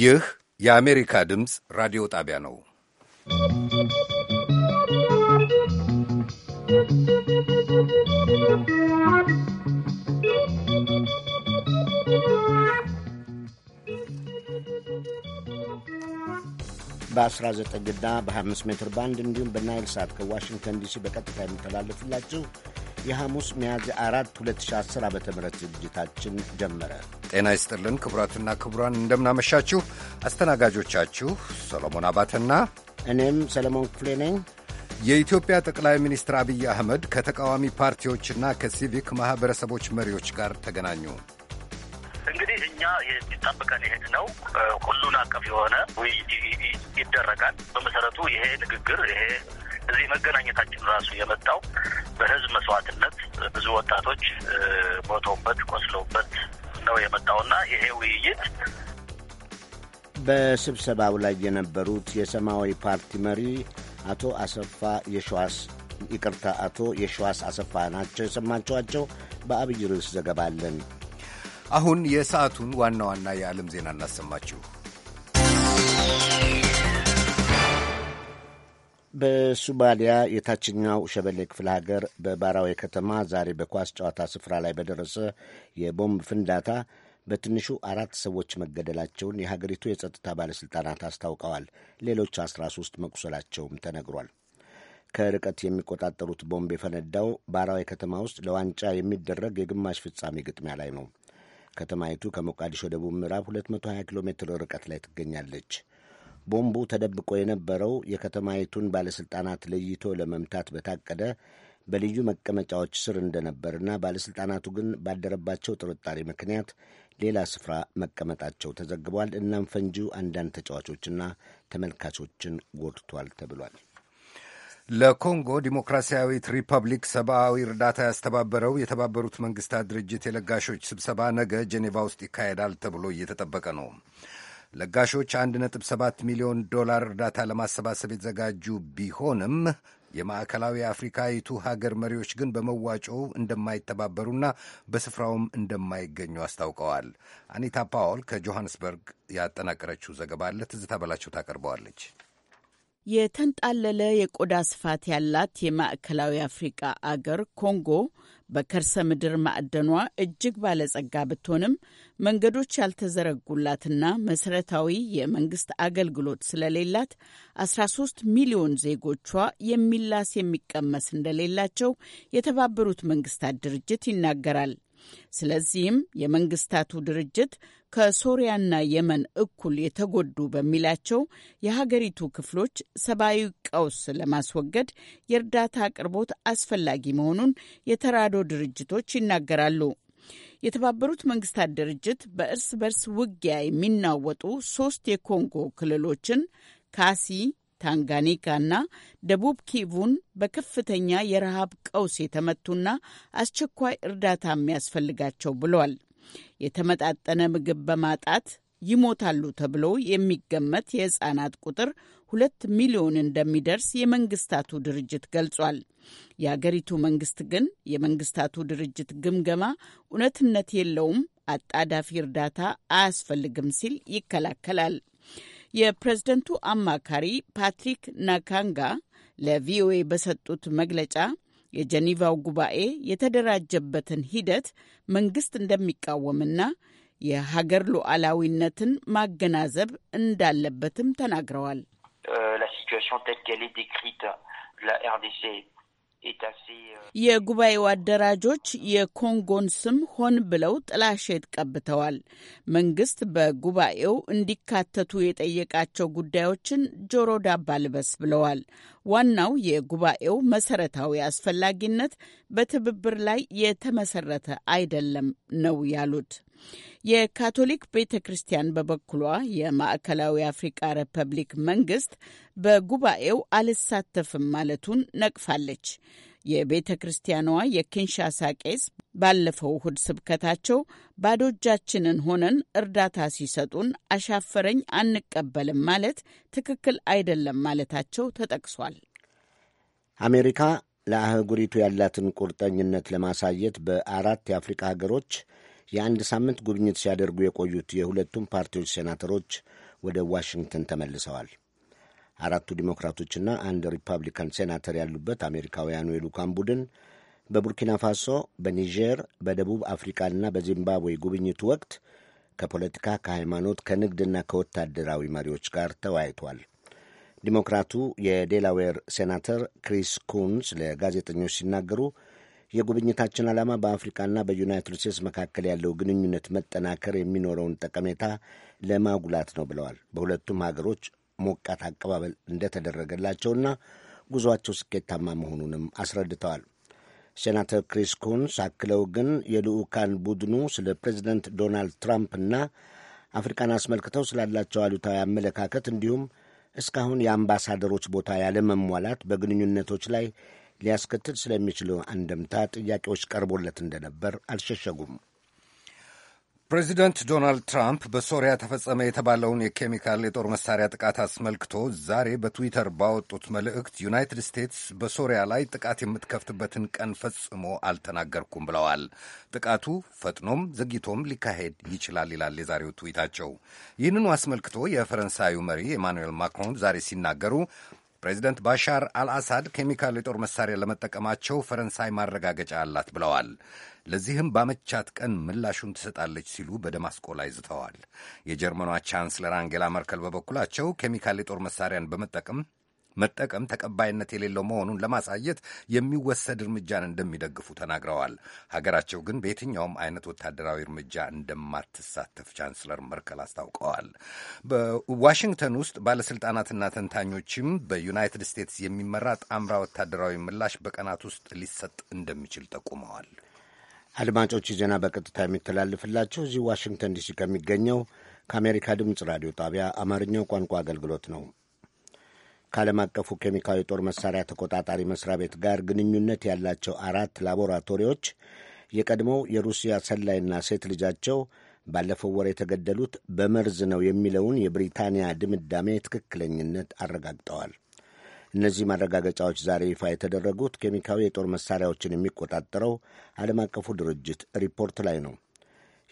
ይህ የአሜሪካ ድምፅ ራዲዮ ጣቢያ ነው። በ19 እና በ5 ሜትር ባንድ እንዲሁም በናይል ሳት ከዋሽንግተን ዲሲ በቀጥታ የሚተላለፍላችሁ የሐሙስ ሚያዝያ 4 2010 ዓ ም ዝግጅታችን ጀመረ። ጤና ይስጥልን ክቡራትና ክቡራን፣ እንደምናመሻችሁ። አስተናጋጆቻችሁ ሰሎሞን አባተና እኔም ሰለሞን ክፍሌ ነኝ። የኢትዮጵያ ጠቅላይ ሚኒስትር አብይ አህመድ ከተቃዋሚ ፓርቲዎችና ከሲቪክ ማኅበረሰቦች መሪዎች ጋር ተገናኙ። እንግዲህ እኛ የሚጠብቀን ይሄን ነው። ሁሉን አቀፍ የሆነ ውይይት ይደረጋል። በመሰረቱ ይሄ ንግግር ይሄ እዚህ መገናኘታችን ራሱ የመጣው በህዝብ መስዋዕትነት ብዙ ወጣቶች ሞተውበት ቆስለውበት ነው የመጣውና ይሄ ውይይት በስብሰባው ላይ የነበሩት የሰማያዊ ፓርቲ መሪ አቶ አሰፋ የሸዋስ ይቅርታ፣ አቶ የሸዋስ አሰፋ ናቸው የሰማችኋቸው። በአብይ ርዕስ ዘገባለን። አሁን የሰዓቱን ዋና ዋና የዓለም ዜና እናሰማችሁ። በሱማሊያ የታችኛው ሸበሌ ክፍለ ሀገር በባራዊ ከተማ ዛሬ በኳስ ጨዋታ ስፍራ ላይ በደረሰ የቦምብ ፍንዳታ በትንሹ አራት ሰዎች መገደላቸውን የሀገሪቱ የጸጥታ ባለሥልጣናት አስታውቀዋል። ሌሎች አስራ ሶስት መቁሰላቸውም ተነግሯል። ከርቀት የሚቆጣጠሩት ቦምብ የፈነዳው ባራዊ ከተማ ውስጥ ለዋንጫ የሚደረግ የግማሽ ፍጻሜ ግጥሚያ ላይ ነው። ከተማይቱ ከሞቃዲሾ ደቡብ ምዕራብ 220 ኪሎ ሜትር ርቀት ላይ ትገኛለች። ቦምቡ ተደብቆ የነበረው የከተማይቱን ባለሥልጣናት ለይቶ ለመምታት በታቀደ በልዩ መቀመጫዎች ስር እንደነበርና ባለሥልጣናቱ ግን ባደረባቸው ጥርጣሬ ምክንያት ሌላ ስፍራ መቀመጣቸው ተዘግቧል። እናም ፈንጂው አንዳንድ ተጫዋቾችና ተመልካቾችን ጎድቷል ተብሏል። ለኮንጎ ዲሞክራሲያዊት ሪፐብሊክ ሰብአዊ እርዳታ ያስተባበረው የተባበሩት መንግስታት ድርጅት የለጋሾች ስብሰባ ነገ ጄኔቫ ውስጥ ይካሄዳል ተብሎ እየተጠበቀ ነው። ለጋሾች 1.7 ሚሊዮን ዶላር እርዳታ ለማሰባሰብ የተዘጋጁ ቢሆንም የማዕከላዊ አፍሪካዊቱ ሀገር መሪዎች ግን በመዋጮው እንደማይተባበሩና በስፍራውም እንደማይገኙ አስታውቀዋል። አኒታ ፓውል ከጆሃንስበርግ ያጠናቀረችው ዘገባ ትዝታ በላቸው ታቀርበዋለች። የተንጣለለ የቆዳ ስፋት ያላት የማዕከላዊ አፍሪቃ አገር ኮንጎ በከርሰ ምድር ማዕደኗ እጅግ ባለጸጋ ብትሆንም መንገዶች ያልተዘረጉላትና መሰረታዊ የመንግስት አገልግሎት ስለሌላት 13 ሚሊዮን ዜጎቿ የሚላስ የሚቀመስ እንደሌላቸው የተባበሩት መንግስታት ድርጅት ይናገራል። ስለዚህም የመንግስታቱ ድርጅት ከሶሪያና የመን እኩል የተጎዱ በሚላቸው የሀገሪቱ ክፍሎች ሰብአዊ ቀውስ ለማስወገድ የእርዳታ አቅርቦት አስፈላጊ መሆኑን የተራዶ ድርጅቶች ይናገራሉ። የተባበሩት መንግስታት ድርጅት በእርስ በርስ ውጊያ የሚናወጡ ሶስት የኮንጎ ክልሎችን ካሲ፣ ታንጋኒካና ደቡብ ኪቡን በከፍተኛ የረሃብ ቀውስ የተመቱና አስቸኳይ እርዳታ የሚያስፈልጋቸው ብሏል። የተመጣጠነ ምግብ በማጣት ይሞታሉ ተብሎ የሚገመት የሕፃናት ቁጥር ሁለት ሚሊዮን እንደሚደርስ የመንግስታቱ ድርጅት ገልጿል። የአገሪቱ መንግስት ግን የመንግስታቱ ድርጅት ግምገማ እውነትነት የለውም፣ አጣዳፊ እርዳታ አያስፈልግም ሲል ይከላከላል። የፕሬዝደንቱ አማካሪ ፓትሪክ ናካንጋ ለቪኦኤ በሰጡት መግለጫ የጀኒቫው ጉባኤ የተደራጀበትን ሂደት መንግስት እንደሚቃወምና የሀገር ሉዓላዊነትን ማገናዘብ እንዳለበትም ተናግረዋል። euh, የጉባኤው አደራጆች የኮንጎን ስም ሆን ብለው ጥላሸት ቀብተዋል። መንግስት በጉባኤው እንዲካተቱ የጠየቃቸው ጉዳዮችን ጆሮ ዳባ ልበስ ብለዋል። ዋናው የጉባኤው መሰረታዊ አስፈላጊነት በትብብር ላይ የተመሰረተ አይደለም ነው ያሉት። የካቶሊክ ቤተ ክርስቲያን በበኩሏ የማዕከላዊ አፍሪቃ ሪፐብሊክ መንግስት በጉባኤው አልሳተፍም ማለቱን ነቅፋለች። የቤተ ክርስቲያኗ የኪንሻሳ ቄስ ባለፈው እሁድ ስብከታቸው ባዶ እጃችንን ሆነን እርዳታ ሲሰጡን አሻፈረኝ፣ አንቀበልም ማለት ትክክል አይደለም ማለታቸው ተጠቅሷል። አሜሪካ ለአህጉሪቱ ያላትን ቁርጠኝነት ለማሳየት በአራት የአፍሪቃ ሀገሮች የአንድ ሳምንት ጉብኝት ሲያደርጉ የቆዩት የሁለቱም ፓርቲዎች ሴናተሮች ወደ ዋሽንግተን ተመልሰዋል። አራቱ ዲሞክራቶችና አንድ ሪፐብሊካን ሴናተር ያሉበት አሜሪካውያኑ የልዑካን ቡድን በቡርኪና ፋሶ፣ በኒጀር፣ በደቡብ አፍሪካና በዚምባብዌ ጉብኝቱ ወቅት ከፖለቲካ፣ ከሃይማኖት፣ ከንግድና ከወታደራዊ መሪዎች ጋር ተወያይቷል። ዲሞክራቱ የዴላዌር ሴናተር ክሪስ ኩንስ ለጋዜጠኞች ሲናገሩ የጉብኝታችን ዓላማ በአፍሪካና በዩናይትድ ስቴትስ መካከል ያለው ግንኙነት መጠናከር የሚኖረውን ጠቀሜታ ለማጉላት ነው ብለዋል። በሁለቱም ሀገሮች ሞቃት አቀባበል እንደተደረገላቸውና ጉዞአቸው ስኬታማ መሆኑንም አስረድተዋል። ሴናተር ክሪስ ኩንስ አክለው ግን የልዑካን ቡድኑ ስለ ፕሬዚደንት ዶናልድ ትራምፕና አፍሪካን አስመልክተው ስላላቸው አሉታዊ አመለካከት እንዲሁም እስካሁን የአምባሳደሮች ቦታ ያለመሟላት በግንኙነቶች ላይ ሊያስከትል ስለሚችለው አንድምታ ጥያቄዎች ቀርቦለት እንደነበር አልሸሸጉም። ፕሬዚደንት ዶናልድ ትራምፕ በሶሪያ ተፈጸመ የተባለውን የኬሚካል የጦር መሳሪያ ጥቃት አስመልክቶ ዛሬ በትዊተር ባወጡት መልእክት ዩናይትድ ስቴትስ በሶሪያ ላይ ጥቃት የምትከፍትበትን ቀን ፈጽሞ አልተናገርኩም ብለዋል። ጥቃቱ ፈጥኖም ዘግይቶም ሊካሄድ ይችላል ይላል የዛሬው ትዊታቸው። ይህንኑ አስመልክቶ የፈረንሳዩ መሪ ኤማኑኤል ማክሮን ዛሬ ሲናገሩ ፕሬዚደንት ባሻር አልአሳድ ኬሚካል የጦር መሳሪያ ለመጠቀማቸው ፈረንሳይ ማረጋገጫ አላት ብለዋል። ለዚህም ባመቻት ቀን ምላሹን ትሰጣለች ሲሉ በደማስቆ ላይ ዝተዋል። የጀርመኗ ቻንስለር አንጌላ መርከል በበኩላቸው ኬሚካል የጦር መሳሪያን በመጠቀም መጠቀም ተቀባይነት የሌለው መሆኑን ለማሳየት የሚወሰድ እርምጃን እንደሚደግፉ ተናግረዋል። ሀገራቸው ግን በየትኛውም አይነት ወታደራዊ እርምጃ እንደማትሳተፍ ቻንስለር መርከል አስታውቀዋል። በዋሽንግተን ውስጥ ባለስልጣናትና ተንታኞችም በዩናይትድ ስቴትስ የሚመራ ጣምራ ወታደራዊ ምላሽ በቀናት ውስጥ ሊሰጥ እንደሚችል ጠቁመዋል። አድማጮች፣ ዜና በቀጥታ የሚተላልፍላቸው እዚህ ዋሽንግተን ዲሲ ከሚገኘው ከአሜሪካ ድምፅ ራዲዮ ጣቢያ አማርኛው ቋንቋ አገልግሎት ነው። ከዓለም አቀፉ ኬሚካዊ ጦር መሳሪያ ተቆጣጣሪ መስሪያ ቤት ጋር ግንኙነት ያላቸው አራት ላቦራቶሪዎች የቀድሞው የሩሲያ ሰላይና ሴት ልጃቸው ባለፈው ወር የተገደሉት በመርዝ ነው የሚለውን የብሪታንያ ድምዳሜ ትክክለኝነት አረጋግጠዋል። እነዚህ ማረጋገጫዎች ዛሬ ይፋ የተደረጉት ኬሚካዊ የጦር መሳሪያዎችን የሚቆጣጠረው ዓለም አቀፉ ድርጅት ሪፖርት ላይ ነው።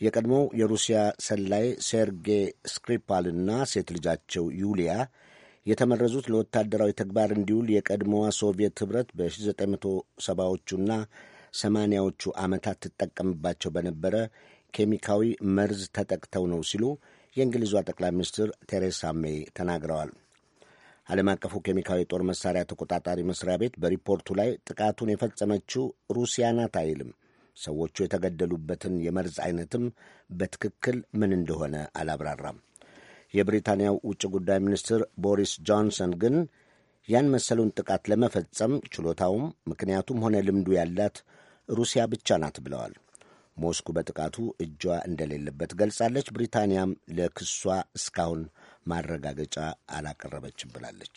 የቀድሞው የሩሲያ ሰላይ ሴርጌ ስክሪፓልና ሴት ልጃቸው ዩሊያ የተመረዙት ለወታደራዊ ተግባር እንዲውል የቀድሞዋ ሶቪየት ኅብረት በ1970ዎቹና ሰማንያዎቹ ዓመታት ትጠቀምባቸው በነበረ ኬሚካዊ መርዝ ተጠቅተው ነው ሲሉ የእንግሊዟ ጠቅላይ ሚኒስትር ቴሬሳ ሜይ ተናግረዋል። ዓለም አቀፉ ኬሚካዊ ጦር መሳሪያ ተቆጣጣሪ መስሪያ ቤት በሪፖርቱ ላይ ጥቃቱን የፈጸመችው ሩሲያ ናት አይልም። ሰዎቹ የተገደሉበትን የመርዝ አይነትም በትክክል ምን እንደሆነ አላብራራም። የብሪታንያው ውጭ ጉዳይ ሚኒስትር ቦሪስ ጆንሰን ግን ያን መሰሉን ጥቃት ለመፈጸም ችሎታውም ምክንያቱም ሆነ ልምዱ ያላት ሩሲያ ብቻ ናት ብለዋል። ሞስኩ በጥቃቱ እጇ እንደሌለበት ገልጻለች። ብሪታንያም ለክሷ እስካሁን ማረጋገጫ አላቀረበችም ብላለች።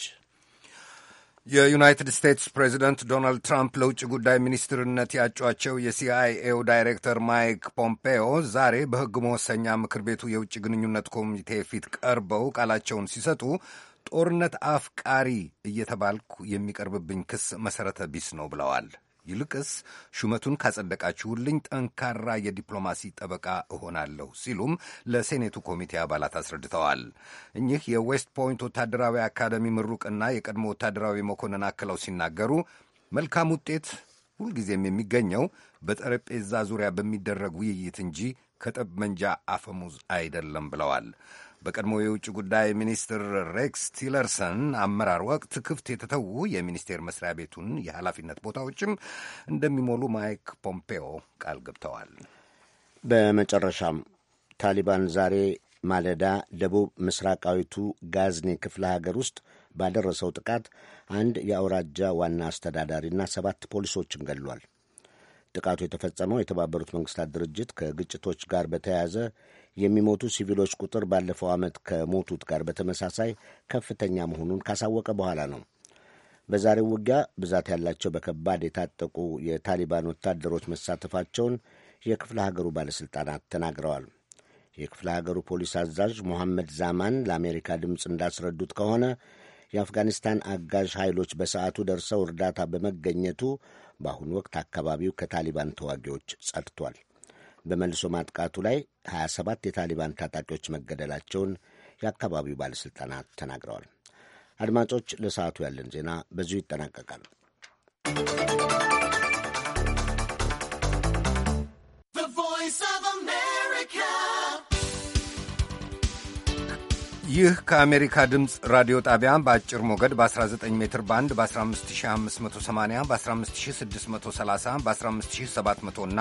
የዩናይትድ ስቴትስ ፕሬዚደንት ዶናልድ ትራምፕ ለውጭ ጉዳይ ሚኒስትርነት ያጯቸው የሲአይኤው ዳይሬክተር ማይክ ፖምፔዮ ዛሬ በሕግ መወሰኛ ምክር ቤቱ የውጭ ግንኙነት ኮሚቴ ፊት ቀርበው ቃላቸውን ሲሰጡ ጦርነት አፍቃሪ እየተባልኩ የሚቀርብብኝ ክስ መሠረተ ቢስ ነው ብለዋል። ይልቅስ ሹመቱን ካጸደቃችሁልኝ ጠንካራ የዲፕሎማሲ ጠበቃ እሆናለሁ ሲሉም ለሴኔቱ ኮሚቴ አባላት አስረድተዋል። እኚህ የዌስት ፖይንት ወታደራዊ አካደሚ ምሩቅና የቀድሞ ወታደራዊ መኮንን አክለው ሲናገሩ መልካም ውጤት ሁልጊዜም የሚገኘው በጠረጴዛ ዙሪያ በሚደረግ ውይይት እንጂ ከጠመንጃ አፈሙዝ አይደለም ብለዋል። በቀድሞ የውጭ ጉዳይ ሚኒስትር ሬክስ ቲለርሰን አመራር ወቅት ክፍት የተተዉ የሚኒስቴር መስሪያ ቤቱን የኃላፊነት ቦታዎችም እንደሚሞሉ ማይክ ፖምፔዮ ቃል ገብተዋል። በመጨረሻም ታሊባን ዛሬ ማለዳ ደቡብ ምስራቃዊቱ ጋዝኒ ክፍለ ሀገር ውስጥ ባደረሰው ጥቃት አንድ የአውራጃ ዋና አስተዳዳሪና ሰባት ፖሊሶችን ገድሏል። ጥቃቱ የተፈጸመው የተባበሩት መንግስታት ድርጅት ከግጭቶች ጋር በተያያዘ የሚሞቱ ሲቪሎች ቁጥር ባለፈው ዓመት ከሞቱት ጋር በተመሳሳይ ከፍተኛ መሆኑን ካሳወቀ በኋላ ነው። በዛሬው ውጊያ ብዛት ያላቸው በከባድ የታጠቁ የታሊባን ወታደሮች መሳተፋቸውን የክፍለ ሀገሩ ባለሥልጣናት ተናግረዋል። የክፍለ ሀገሩ ፖሊስ አዛዥ ሞሐመድ ዛማን ለአሜሪካ ድምፅ እንዳስረዱት ከሆነ የአፍጋኒስታን አጋዥ ኃይሎች በሰዓቱ ደርሰው እርዳታ በመገኘቱ በአሁኑ ወቅት አካባቢው ከታሊባን ተዋጊዎች ጸድቷል። በመልሶ ማጥቃቱ ላይ 27 የታሊባን ታጣቂዎች መገደላቸውን የአካባቢው ባለሥልጣናት ተናግረዋል። አድማጮች፣ ለሰዓቱ ያለን ዜና በዚሁ ይጠናቀቃል። ይህ ከአሜሪካ ድምፅ ራዲዮ ጣቢያ በአጭር ሞገድ በ19 ሜትር ባንድ በ15580 በ15630 በ15700 እና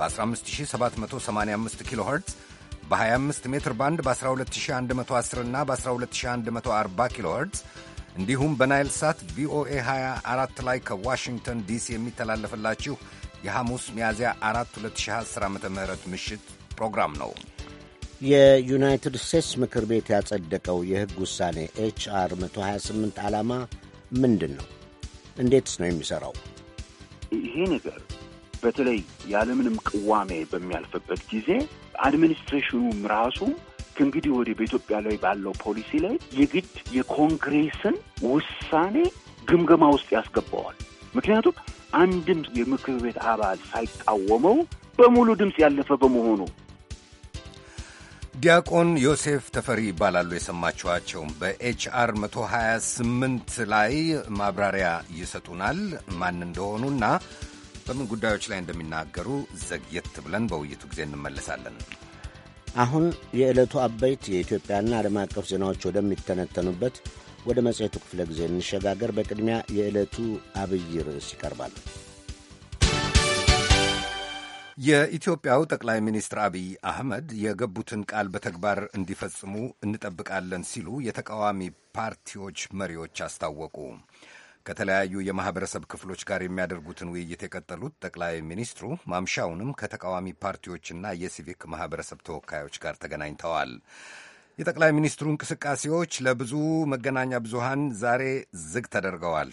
በ15785 ኪሎ ኸርትዝ በ25 ሜትር ባንድ በ12110 እና በ12140 ኪሎ ኸርትዝ እንዲሁም በናይል ሳት ቪኦኤ 24 ላይ ከዋሽንግተን ዲሲ የሚተላለፍላችሁ የሐሙስ ሚያዝያ 4 2010 ዓ ም ምሽት ፕሮግራም ነው። የዩናይትድ ስቴትስ ምክር ቤት ያጸደቀው የሕግ ውሳኔ ኤችአር 128 ዓላማ ምንድን ነው? እንዴትስ ነው የሚሠራው? ይሄ ነገር በተለይ ያለምንም ቅዋሜ በሚያልፍበት ጊዜ አድሚኒስትሬሽኑም ራሱ ከእንግዲህ ወዲህ በኢትዮጵያ ላይ ባለው ፖሊሲ ላይ የግድ የኮንግሬስን ውሳኔ ግምገማ ውስጥ ያስገባዋል። ምክንያቱም አንድም የምክር ቤት አባል ሳይቃወመው በሙሉ ድምፅ ያለፈ በመሆኑ። ዲያቆን ዮሴፍ ተፈሪ ይባላሉ የሰማችኋቸው። በኤችአር 128 ላይ ማብራሪያ ይሰጡናል ማን እንደሆኑና በምን ጉዳዮች ላይ እንደሚናገሩ ዘግየት ብለን በውይይቱ ጊዜ እንመለሳለን። አሁን የዕለቱ አበይት የኢትዮጵያና ዓለም አቀፍ ዜናዎች ወደሚተነተኑበት ወደ መጽሔቱ ክፍለ ጊዜ እንሸጋገር። በቅድሚያ የዕለቱ አብይ ርዕስ ይቀርባል። የኢትዮጵያው ጠቅላይ ሚኒስትር አብይ አህመድ የገቡትን ቃል በተግባር እንዲፈጽሙ እንጠብቃለን ሲሉ የተቃዋሚ ፓርቲዎች መሪዎች አስታወቁ። ከተለያዩ የማህበረሰብ ክፍሎች ጋር የሚያደርጉትን ውይይት የቀጠሉት ጠቅላይ ሚኒስትሩ ማምሻውንም ከተቃዋሚ ፓርቲዎችና የሲቪክ ማህበረሰብ ተወካዮች ጋር ተገናኝተዋል። የጠቅላይ ሚኒስትሩ እንቅስቃሴዎች ለብዙ መገናኛ ብዙሃን ዛሬ ዝግ ተደርገዋል።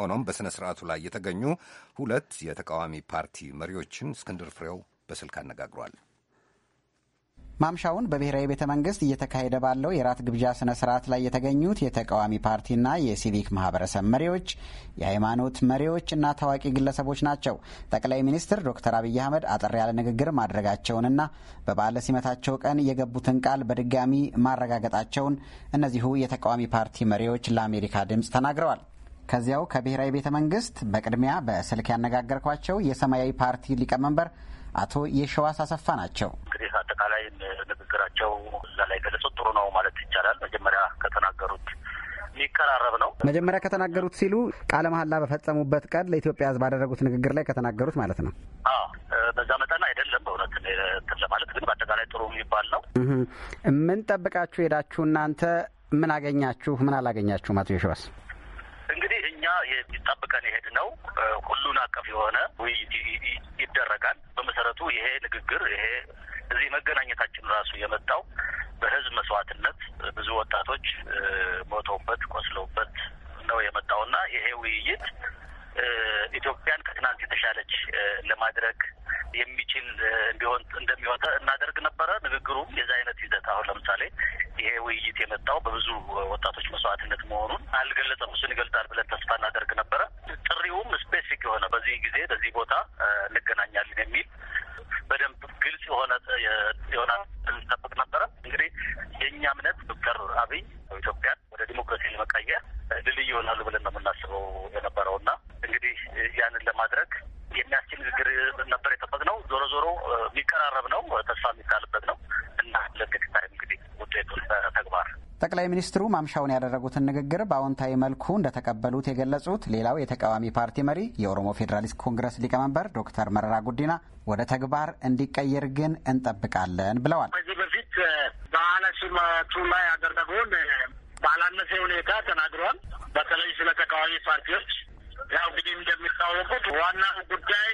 ሆኖም በሥነ ሥርዓቱ ላይ የተገኙ ሁለት የተቃዋሚ ፓርቲ መሪዎችን እስክንድር ፍሬው በስልክ አነጋግሯል። ማምሻውን በብሔራዊ ቤተ መንግስት እየተካሄደ ባለው የራት ግብዣ ስነ ስርዓት ላይ የተገኙት የተቃዋሚ ፓርቲና የሲቪክ ማህበረሰብ መሪዎች፣ የሃይማኖት መሪዎች እና ታዋቂ ግለሰቦች ናቸው። ጠቅላይ ሚኒስትር ዶክተር አብይ አህመድ አጠር ያለ ንግግር ማድረጋቸውንና በበዓለ ሲመታቸው ቀን የገቡትን ቃል በድጋሚ ማረጋገጣቸውን እነዚሁ የተቃዋሚ ፓርቲ መሪዎች ለአሜሪካ ድምፅ ተናግረዋል። ከዚያው ከብሔራዊ ቤተ መንግስት በቅድሚያ በስልክ ያነጋገርኳቸው የሰማያዊ ፓርቲ ሊቀመንበር አቶ የሸዋስ አሰፋ ናቸው። እንግዲህ በአጠቃላይ ንግግራቸው እዛ ላይ ገለጹት ጥሩ ነው ማለት ይቻላል። መጀመሪያ ከተናገሩት የሚቀራረብ ነው። መጀመሪያ ከተናገሩት ሲሉ ቃለ መሀላ በፈጸሙበት ቀን ለኢትዮጵያ ሕዝብ ባደረጉት ንግግር ላይ ከተናገሩት ማለት ነው። በዛ መጠን አይደለም በእውነት እንትን ለማለት ግን በአጠቃላይ ጥሩ የሚባል ነው። ምን ጠብቃችሁ ሄዳችሁ እናንተ ምን አገኛችሁ? ምን አላገኛችሁ? አቶ ዮሽዋስ እንግዲህ እኛ የሚጠብቀን የሄድ ነው ሁሉን አቀፍ የሆነ ውይይት ይደረጋል። በመሰረቱ ይሄ ንግግር ይሄ እዚህ መገናኘታችን ራሱ የመጣው በህዝብ መስዋዕትነት ብዙ ወጣቶች ሞተውበት ቆስለውበት ነው የመጣውና ይሄ ውይይት ኢትዮጵያን ከትናንት የተሻለች ለማድረግ የሚችል እንዲሆን እንደሚሆን እናደርግ ነበረ። ንግግሩም የዚ አይነት ይዘት አሁን ለምሳሌ ይሄ ውይይት የመጣው በብዙ ወጣቶች መስዋዕትነት መሆኑን አልገለጸም። እሱን ይገልጻል ብለን ተስፋ እናደርግ ነበረ። ጥሪውም ስፔሲፊክ የሆነ በዚህ ጊዜ በዚህ ቦታ እንገናኛለን የሚል በደንብ ግልጽ የሆነ የሆነ ጠብቅ ነበረ። እንግዲህ የእኛ እምነት ዶክተር አብይ ኢትዮጵያን ወደ ዲሞክራሲ ለመቀየር ድልድይ ይሆናሉ ብለን ነው የምናስበው የነበረው እና እንግዲህ ያንን ለማድረግ የሚያስችል ንግግር ነበር የጠበቅነው። ዞሮ ዞሮ የሚቀራረብ ነው፣ ተስፋ የሚጣልበት ነው እና ለግታይም እንግዲህ ውጤቱን በተግባር ጠቅላይ ሚኒስትሩ ማምሻውን ያደረጉትን ንግግር በአዎንታዊ መልኩ እንደተቀበሉት የገለጹት ሌላው የተቃዋሚ ፓርቲ መሪ የኦሮሞ ፌዴራሊስት ኮንግረስ ሊቀመንበር ዶክተር መረራ ጉዲና ወደ ተግባር እንዲቀየር ግን እንጠብቃለን ብለዋል። ከዚህ በፊት በዓለ ሲመቱ ላይ ያደረገውን ባላነሰ ሁኔታ ተናግረዋል። በተለይ ስለ ተቃዋሚ ፓርቲዎች ያው እንግዲህ እንደሚታወቁት ዋናው ጉዳይ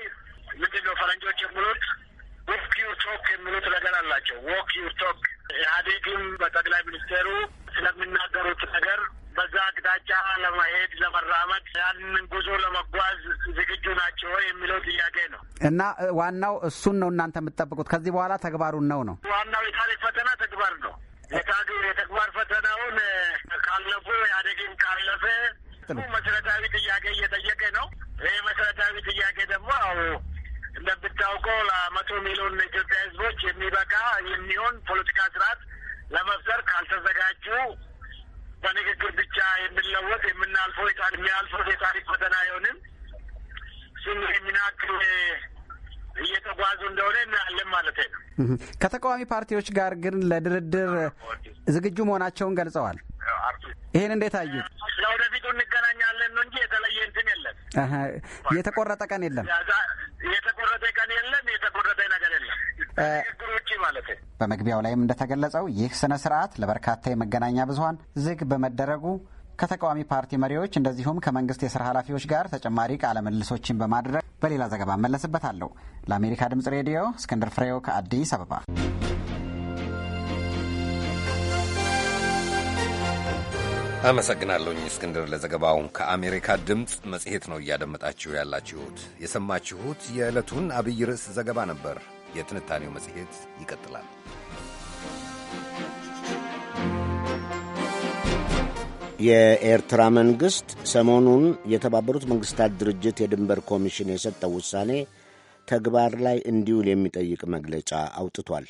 ምንድን ነው ፈረንጆች የሚሉት ወክ ዩ ቶክ የሚሉት ነገር አላቸው። ወክ ዩ ቶክ ኢህአዴግም በጠቅላይ ሚኒስቴሩ ስለሚናገሩት ነገር በዛ አቅጣጫ ለመሄድ ለመራመድ ያንን ጉዞ ለመጓዝ ዝግጁ ናቸው ወይ የሚለው ጥያቄ ነው እና ዋናው እሱን ነው እናንተ የምትጠብቁት ከዚህ በኋላ ተግባሩን ነው ነው ዋናው የታሪክ ፈተና ተግባር ነው። የተግባር ፈተናውን ካለፉ ኢህአዴግን ካለፈ ወቅት ነው። መሰረታዊ ጥያቄ እየጠየቀ ነው። ይህ መሰረታዊ ጥያቄ ደግሞ አዎ እንደምታውቀው ለመቶ ሚሊዮን ኢትዮጵያ ሕዝቦች የሚበቃ የሚሆን ፖለቲካ ስርዓት ለመፍጠር ካልተዘጋጁ በንግግር ብቻ የሚለወጥ የምናልፈው የሚያልፈው የታሪክ ፈተና አይሆንም። እሱም የሚናክል እየተጓዙ እንደሆነ እናያለን ማለት ነው። ከተቃዋሚ ፓርቲዎች ጋር ግን ለድርድር ዝግጁ መሆናቸውን ገልጸዋል። ይሄን እንዴት አዩት? የተቆረጠ ቀን የለም። የተቆረጠ ቀን የለም። የተቆረጠ ነገር የለም። ውጭ ማለት ነው። በመግቢያው ላይም እንደተገለጸው ይህ ስነ ስርዓት ለበርካታ የመገናኛ ብዙኃን ዝግ በመደረጉ ከተቃዋሚ ፓርቲ መሪዎች እንደዚሁም ከመንግስት የስራ ኃላፊዎች ጋር ተጨማሪ ቃለ ምልልሶችን በማድረግ በሌላ ዘገባ እመለስበታለሁ። ለአሜሪካ ድምጽ ሬዲዮ እስክንድር ፍሬው ከአዲስ አበባ አመሰግናለሁኝ እስክንድር ለዘገባው። ከአሜሪካ ድምፅ መጽሔት ነው እያደመጣችሁ ያላችሁት። የሰማችሁት የዕለቱን አብይ ርዕስ ዘገባ ነበር። የትንታኔው መጽሔት ይቀጥላል። የኤርትራ መንግሥት ሰሞኑን የተባበሩት መንግሥታት ድርጅት የድንበር ኮሚሽን የሰጠው ውሳኔ ተግባር ላይ እንዲውል የሚጠይቅ መግለጫ አውጥቷል።